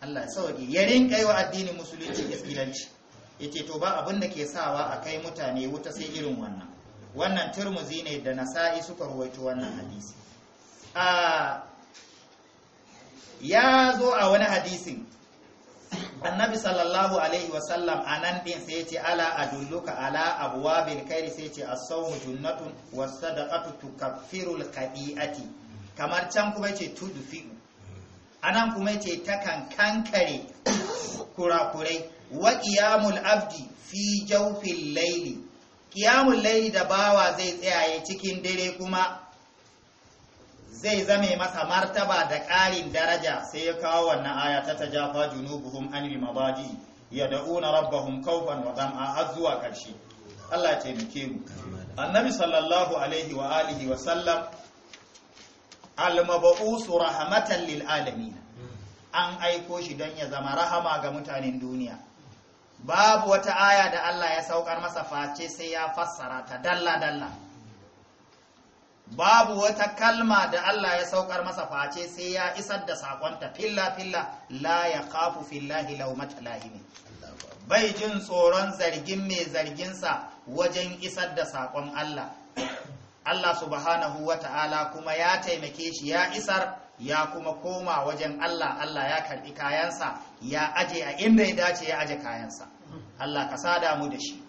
Allah sauke ya rinka yi wa addinin musulunci Ya ce to ba abin da ke sawa a kai mutane wuta sai irin wannan wannan turmuzi ne da nasa'i suka ruwaito wannan hadisi ah, ya zo a wani hadisin annabi sallallahu alaihi wasallam a nan ɗin sai ce ala a ala abuwa bin kairi sai ce a saumu junnatun wasu da tukaffirul kabi'ati kamar can kuma ce tudu fi'u a nan kuma ce takan kankare kurakurai wa ƙiyamul abdi fi jaufin laili ƙiyamul laili da bawa zai tsayaye cikin dare kuma zai zame masa martaba da ƙarin daraja sai ya kawo wannan aya ta tajafa junubuhum anil mabaji yad'una rabbahum khawfan wa zam'a har zuwa ƙarshe Allah ya taimake mu annabi sallallahu alaihi wa alihi wa sallam al-mab'us rahmatan lil alamin an aiko shi don ya zama rahama ga mutanen duniya babu wata aya da Allah ya saukar masa face sai ya fassara ta dalla dalla babu wata kalma da Allah ya saukar masa face sai ya isar da sakonta filla filla la ya kafu fillahi lawmat lahimi bai jin tsoron zargin mai zarginsa wajen isar da sakon Allah Allah subhanahu wata'ala kuma ya taimake shi ya isar ya kuma koma wajen Allah Allah ya karɓi kayansa ya aje a inda ya dace ya aje kayansa Allah ka sada mu da shi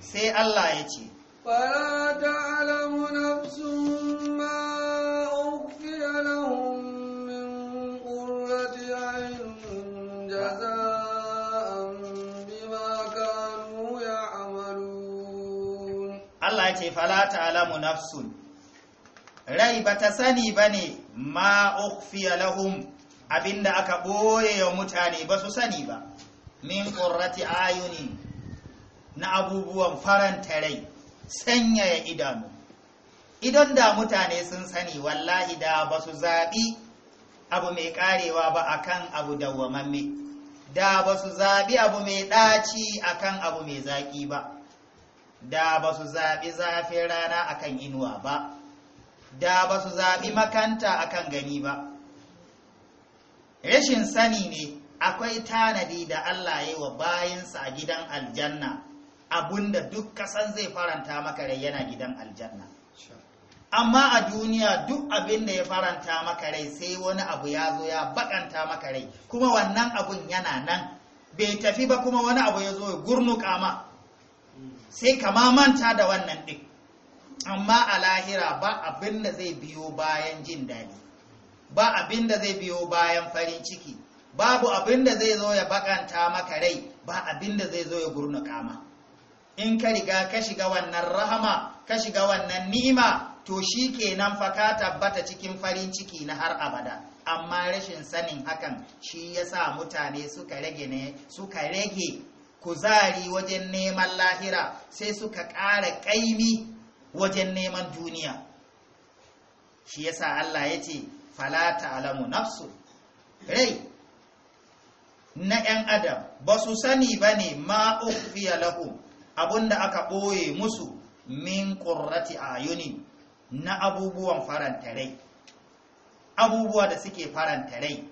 sai Allah ya ce فلا تعلم نفس ما أخفي لهم من قرة عين جزاء بما كانوا يعملون الله يتي فلا تعلم نفس rai ba ta sani ba ne ma lahum abinda aka ɓoye wa mutane ba su sani ba min ƙurrati ayuni na abubuwan faranta rai sanyaya idanu idan da mutane sun sani wallahi da ba su zaɓi abu mai ƙarewa ba akan abu dawwamamme da ba su zaɓi abu mai ɗaci akan abu mai zaƙi ba da ba su zaɓi zafin rana akan inuwa ba da ba su zaɓi makanta akan gani ba rashin sani ne akwai tanadi da Allah ya yi wa bayinsa a gidan aljanna abunda duk kasan zai faranta maka rai yana gidan aljanna amma a duniya duk abinda ya faranta maka rai sai wani abu ya zo ya bakanta maka rai kuma wannan abun yana nan bai tafi ba kuma wani abu ya zo ya gurnuka ma sai kama manta da wannan ɗin amma a lahira ba abin zai biyo bayan jin daɗi ba abin zai biyo bayan farin ciki babu abin zai zo ya bakanta maka rai ba abin zai zo ya gurnuka ma in ka riga ka shiga wannan rahama ka shiga wannan ni'ima to shi kenan fa ka tabbata cikin farin ciki na har abada amma rashin sanin hakan shi yasa mutane suka rage ne suka rage kuzari wajen neman lahira sai suka ƙara ƙaimi wajen neman duniya shi yasa Allah ya ce fala alamu nafsu rai na 'yan adam ba su sani ba ne ma'ufiya lahum abinda aka ɓoye musu min ƙurrati yuni na abubuwan faranta abubuwa da suke faranta rai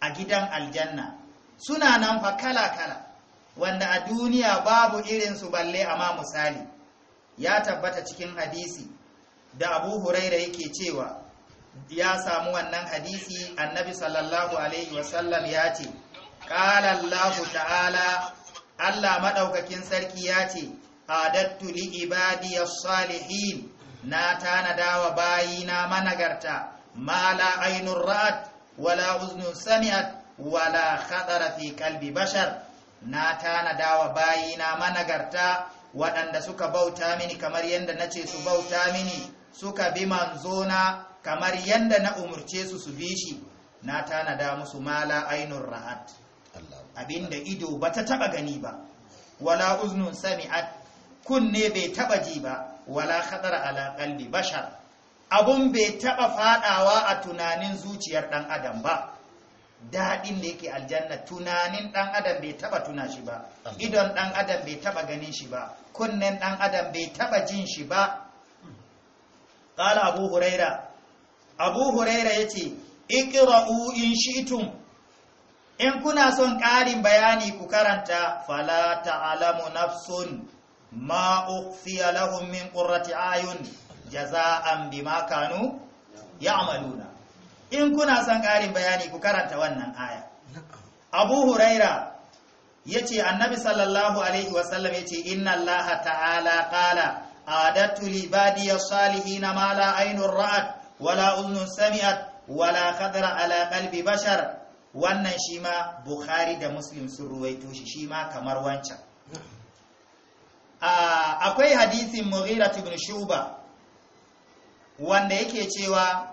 a gidan aljanna suna nan fa kala-kala wanda a duniya babu irinsu balle amma misali ya tabbata cikin hadisi da abu huraira yake cewa ya samu wannan hadisi annabi sallallahu alaihi wasallam ya ce ƙalallahu ta'ala Allah maɗaukakin sarki ya ce, Adattu li ibadiyar salihin na tanada wa bayina managarta, ma la ainun ra'at, wala uznun sami'at, wala khatara fi kalbi bashar, na tanada wa bayina managarta waɗanda suka bauta mini kamar yadda na ce su bauta mini, suka bi manzona kamar yadda na umurce su su bi shi, na tanada musu ma la ainihin ra’ad. abinda ido ba ta taba gani ba wala uznun sami'at kunne bai taba ji ba wala khatara ala qalbi bashar abun bai taba fadawa a tunanin zuciyar dan adam ba dadin da yake aljanna tunanin dan adam bai taba tuna shi ba idon dan adam bai taba ganin shi ba kunnen dan adam bai taba jin shi ba qala abu huraira abu huraira yace iqra'u in shi'tum in kuna son ƙarin bayani ku karanta fala ta'lamu nafsun ma ukhfiya lahum min qurrati ayun jaza'an bima kanu ya'maluna in kuna son ƙarin bayani ku karanta wannan aya abu huraira yace annabi sallallahu alaihi wasallam yace inna allaha ta'ala qala adatu libadi salihin ma la aynun ra'at wala udhun sami'at wala khadara ala qalbi bashar wannan shi ma bukhari da muslim sun ruwaito shi shi ma kamar wancan akwai hadisin mughira ibn shuba wanda yake cewa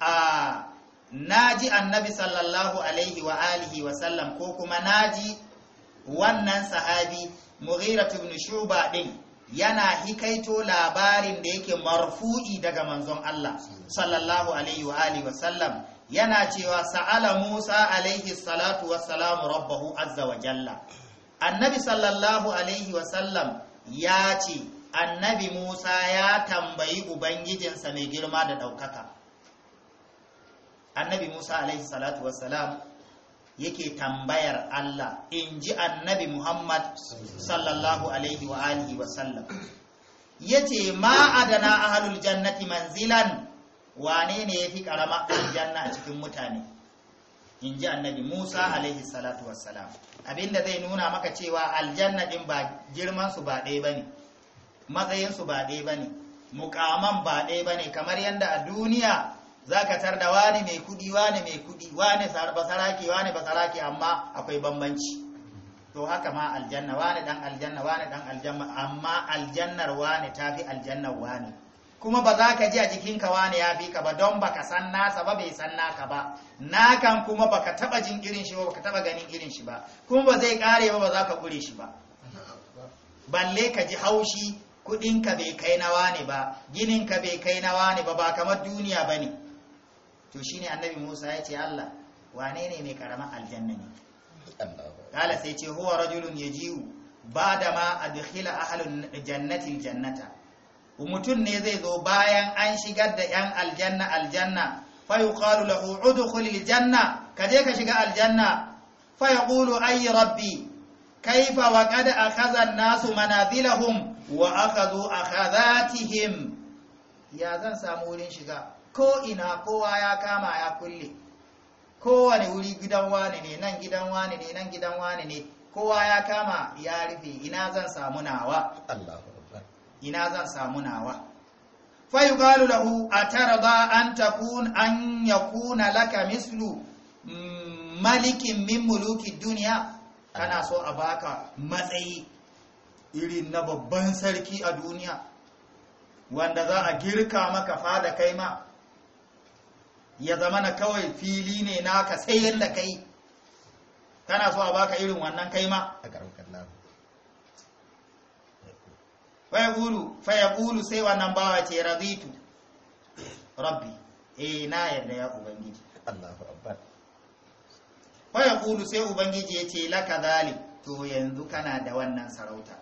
a naji annabi sallallahu alaihi wa alihi wa sallam ko kuma naji wannan sahabi mughira ibn shuba din yana hikaito labarin da yake marfu'i daga manzon Allah sallallahu alaihi wa alihi wa sallam yana cewa sa'ala Musa alaihi salatu wassalamu rabbahu azza wa jalla annabi sallallahu alaihi wasallam ya ce annabi Musa ya tambayi ubangijinsa mai girma da ɗaukaka annabi Musa alaihi salatu wassalam yake tambayar Allah in ji annabi Muhammad sallallahu alaihi wa alihi wasallam ya ce ma adana ahalul jannati manzilan wane ne ya fi ƙarama aljanna a cikin mutane in ji annabi musa alaihi salatu wassalam abinda zai nuna maka cewa aljanna din ba su ba ɗaya ba ne matsayinsu ba ɗaya ba ne mukaman ba ɗaya ba ne kamar yadda a duniya za ka tar da wani mai kuɗi wani mai kuɗi wani basarake wani basarake amma akwai bambanci to haka ma aljanna wani ɗan aljanna wani ɗan aljanna amma aljannar wani ta fi aljannar wani kuma ba za ka ji a jikinka wani ya bi ka ba don baka san nasa ba bai san naka ba nakan kuma baka taba jin irin shi ba baka taba ganin irin shi ba kuma ba zai kare ba ba za ka kure shi ba balle ka ji haushi ka bai kai na wani ba Ginin ka bai kai na wani ba ba kamar duniya bane. to shine annabi musa ya ce allah wane ne mai karama aljanna ne kala sai ce huwa rajulun yajiu ba da ma adkhila ahlul jannati jannata mutum ne zai zo bayan an shigar da yan aljanna aljanna fa yuqalu lahu udkhulil janna kaje ka shiga aljanna fa yaqulu ayi rabbi kaifa wa qad akhadha an-nasu manazilahum wa akhadhu akhadhatihim ya zan samu wurin shiga ko ina kowa ya kama ya kulle kowane wuri gidan wani ne nan gidan wani ne nan gidan wani ne kowa ya kama ya rufe ina zan samu nawa ina zan samu nawa fa yuqalu lahu atarda an takun an yakuna laka mislu malikin min muluki duniya kana so a baka matsayi irin na babban sarki a duniya wanda za a girka maka fada kai ma ya zama na kawai fili ne naka sai da kai kana so a baka irin wannan kai ma fa ya sai wannan bawa ce razitu rabbi eh na yarda ya ubangiji Allahu akbar fa sai ubangiji ya ce laka zalik to yanzu kana da wannan sarauta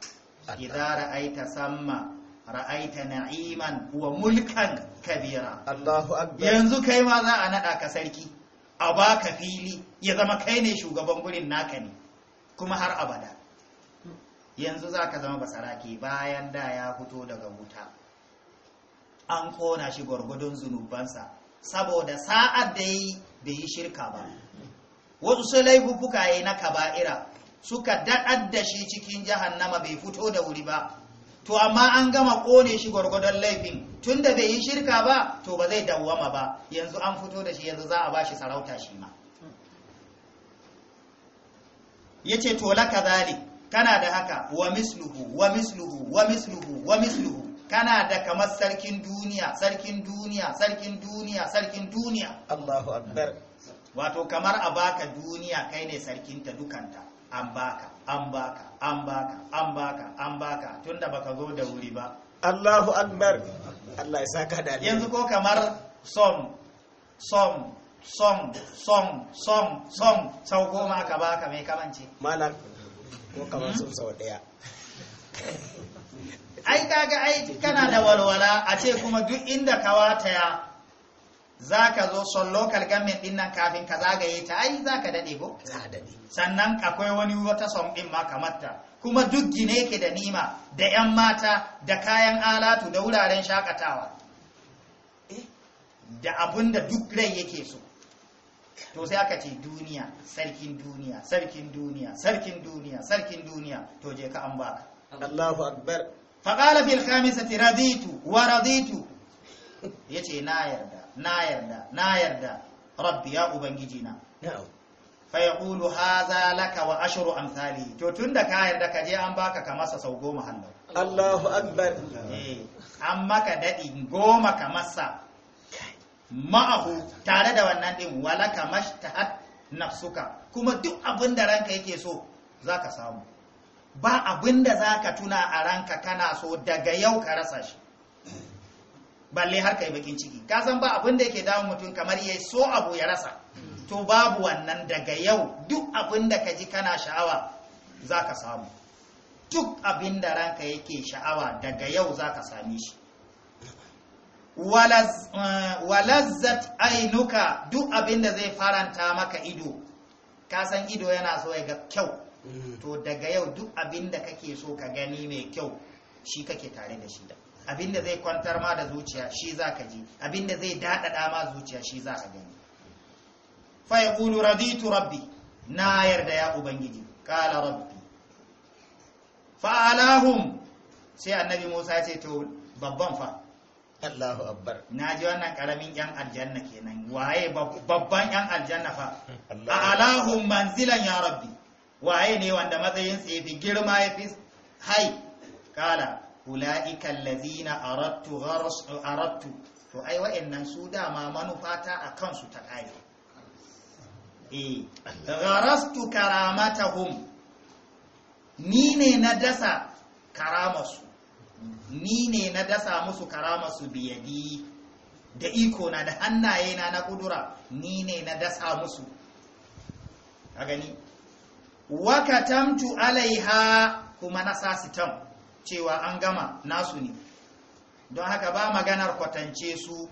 idza ra'aita samma ra'aita na'iman wa mulkan kabira Allahu akbar yanzu kai ma za a nada ka sarki a baka fili ya zama kai ne shugaban gurin naka ne kuma har abada yanzu za ka zama basarake bayan da ya fito daga wuta an kona shi gwargwadon zunubansa saboda sa'ad da yi bai yi shirka ba wasu sai laifuffuka yi na kaba'ira suka daɗar da shi cikin nama bai fito da wuri ba to amma an gama kone shi gwargwadon laifin tun da bai yi shirka ba to ba zai dawwama ba yanzu an fito da shi yanzu za a ba shi sarauta shi ma ya ce to laka zalik kana da haka wa misluhu wa misluhu wa misluhu wa misluhu kana da kamar sarkin duniya sarkin duniya sarkin duniya sarkin duniya Allahu akbar wato kamar a baka duniya kai ne sarkinta dukanta an baka an baka an baka an baka an baka tunda baka zo da wuri ba Allahu akbar Allah ya saka da yanzu ko kamar som som som som som som sau goma ka baka mai kamance malam ko kamar sun sau ɗaya ai kaga ai kana da walwala a ce kuma duk inda ka wataya za ka zo son local government din nan kafin ka zagaye ta ai za ka daɗe ko? za daɗe sannan akwai wani wata son ɗin ma kamarta kuma duk gine ke da nima da 'yan mata da kayan alatu da wuraren shakatawa eh, da abun da duk rai yake so to sai aka ce duniya sarkin duniya sarkin duniya sarkin duniya sarkin duniya to je ka an baka Allahu akbar qala fil khamisati raditu wa raditu *laughs* yace na yarda na yarda na yarda rabbi ya ubangiji na fa yaqulu hadha laka wa ashru amsali to tunda ka yarda ka je an baka ka masa sau goma hannu Allahu akbar eh amma ka dadi goma ka masa ma'ahu tare da wannan din walaka mashtahat nafsuka kuma duk abin da ranka yake so zaka samu ba abin da zaka tuna a ranka kana so daga yau ka rasa shi balle har kai bakin ciki ka san ba abin da yake damun mutum kamar yayi so abu ya rasa to babu wannan daga yau duk abin da ji kana sha'awa zaka samu duk abin da ranka yake sha'awa daga yau zaka same shi Eh, walazzat ainuka duk abin da zai faranta maka ido ka san ido yana so ya ga kyau mm. to daga yau duk abin da kake so ka gani mai kyau shi kake tare da shi da abin da zai kwantar ma da zuciya shi za ka ji abin da zai daɗaɗa ma zuciya shi za ka gani fa ya raditu rabbi na yarda ya ubangiji Kala rabbi fa'alahum sai annabi musa ce to babban fa Allahu akbar na ji wannan karamin yan aljanna kenan waye babban yan aljanna fa a'lahu manzilan ya rabbi waye ne wanda matsayin sa yafi girma yafi hai kala ulaika allazina aradtu gharas aradtu to ai wa'annan su dama manufata a kansu ta kare eh gharastu karamatahum ni ne na dasa karamarsu ni ne na dasa musu karama su biyadi da iko na da hannaye na na kudura ni ne na dasa musu a gani wakatamtu alaiha kuma na sa sasitan cewa an gama nasu ne don haka ba maganar kwatance su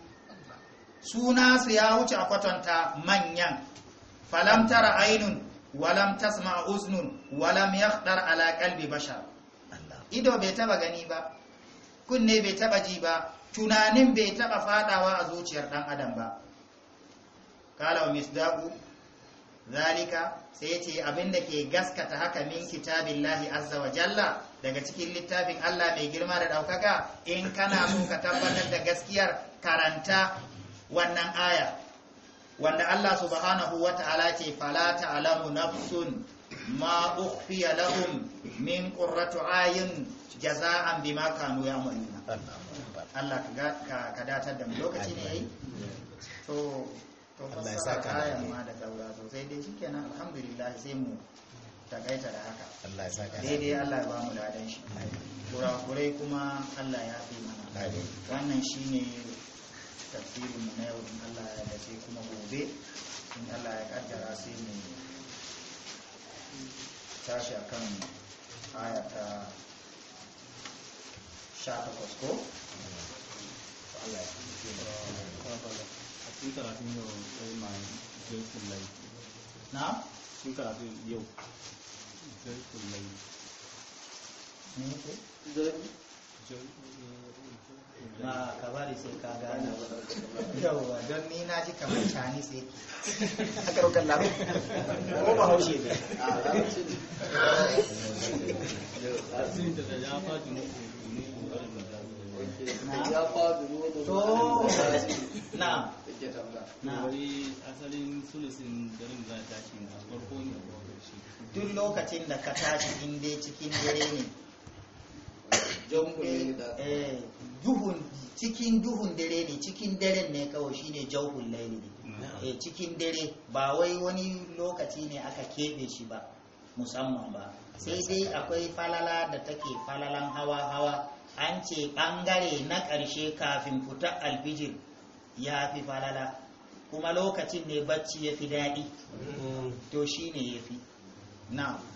suna su ya wuce a kwatanta manyan Falamtar ainun walam tasma uznun walam yafɗar ala qalbi bashar ido bai taba gani ba kunne bai taba ji ba tunanin bai taba fadawa a zuciyar dan adam ba kala wa misdaqu zalika sai yace abinda ke gaskata haka min kitabillahi azza wa jalla daga cikin littafin Allah mai girma da daukaka in kana so ka tabbatar da gaskiyar karanta wannan aya wanda Allah subhanahu wa ta'ala ce fala ta'lamu nafsun ma ukhfiya lahum min qurratu ayin jaza'an bima kanu ya'maluna Allah ka ka datar da mu lokaci ne yayi to to Allah ya saka ayan ma da taura sosai dai shikenan alhamdulillah sai mu takaita da haka Allah ya saka daidai Allah ya ba mu ladan shi kurakurai kuma Allah ya fi mana wannan shine tafsirin mu na yau Allah ya dace kuma gobe in Allah ya kaddara sai mu tashi akan aya ta 18 ko Allah ya karatun yau sai mai jirgin lai na? sun karatun yau jirgin lai ne ke? jirgin ma ka bari sai ka gane don ni na ji kamar cani sai a ko ba haushe ne na asalin sulusin garin za na farko ne duk lokacin da ka tashi inda cikin dare ne duhun cikin duhun dare ne cikin daren ne kawai shine jauhun laili ne mm. eh cikin dare ba wai wani lokaci ne aka keɓe shi ba musamman ba sai dai akwai falala da take falalan hawa hawa an ce bangare na ƙarshe kafin fita alfijir ya fi falala kuma lokacin ne bacci ya fi daɗi mm. to shine ya fi na'am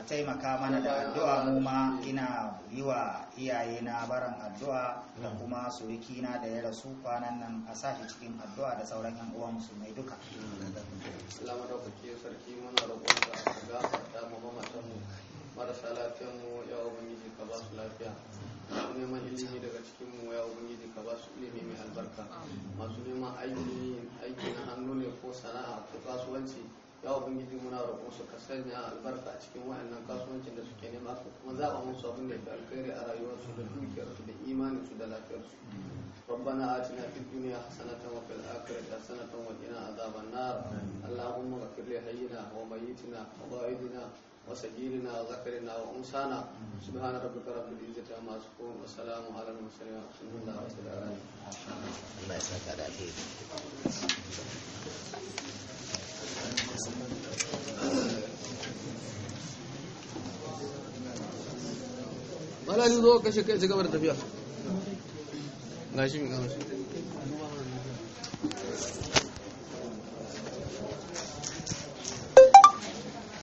a taimaka mana da addu'a mu ma ina yi wa iyaye na baran addu'a da mm. kuma suriki na da ya rasu kwanan nan a sashi cikin addu'a da sauran yan uwa musulmai duka Allah madaukake sarki muna rabuwa ka ka gafarta mu mamatan mu marasa lafiyan mu ya ubangiji ka ba su lafiya masu neman ilimi daga cikin mu ya ubangiji ka ba su ilimi mai albarka masu neman aiki aiki na hannu ne ko sana'a ko kasuwanci ya ubangiji muna roƙon su ka sanya albarka a cikin wayannan kasuwancin da suke nema su kuma zaba musu abin da ya alkhairi a rayuwarsu da dukiyarsu da imaninsu da lafiyarsu rabbana na fid dunya hasanatan wa fil akhirati hasanatan wa qina azaban nar allahumma ighfir li hayyina wa mayitina wa ba'idina wa sajilina wa zakarina wa unsana subhana rabbika rabbil izzati masu kowa wa salamu ala mursalin alhamdulillahi wa sallallahu wasu da sallam malamin zo kashe kai ci gaba tafiya na shi shi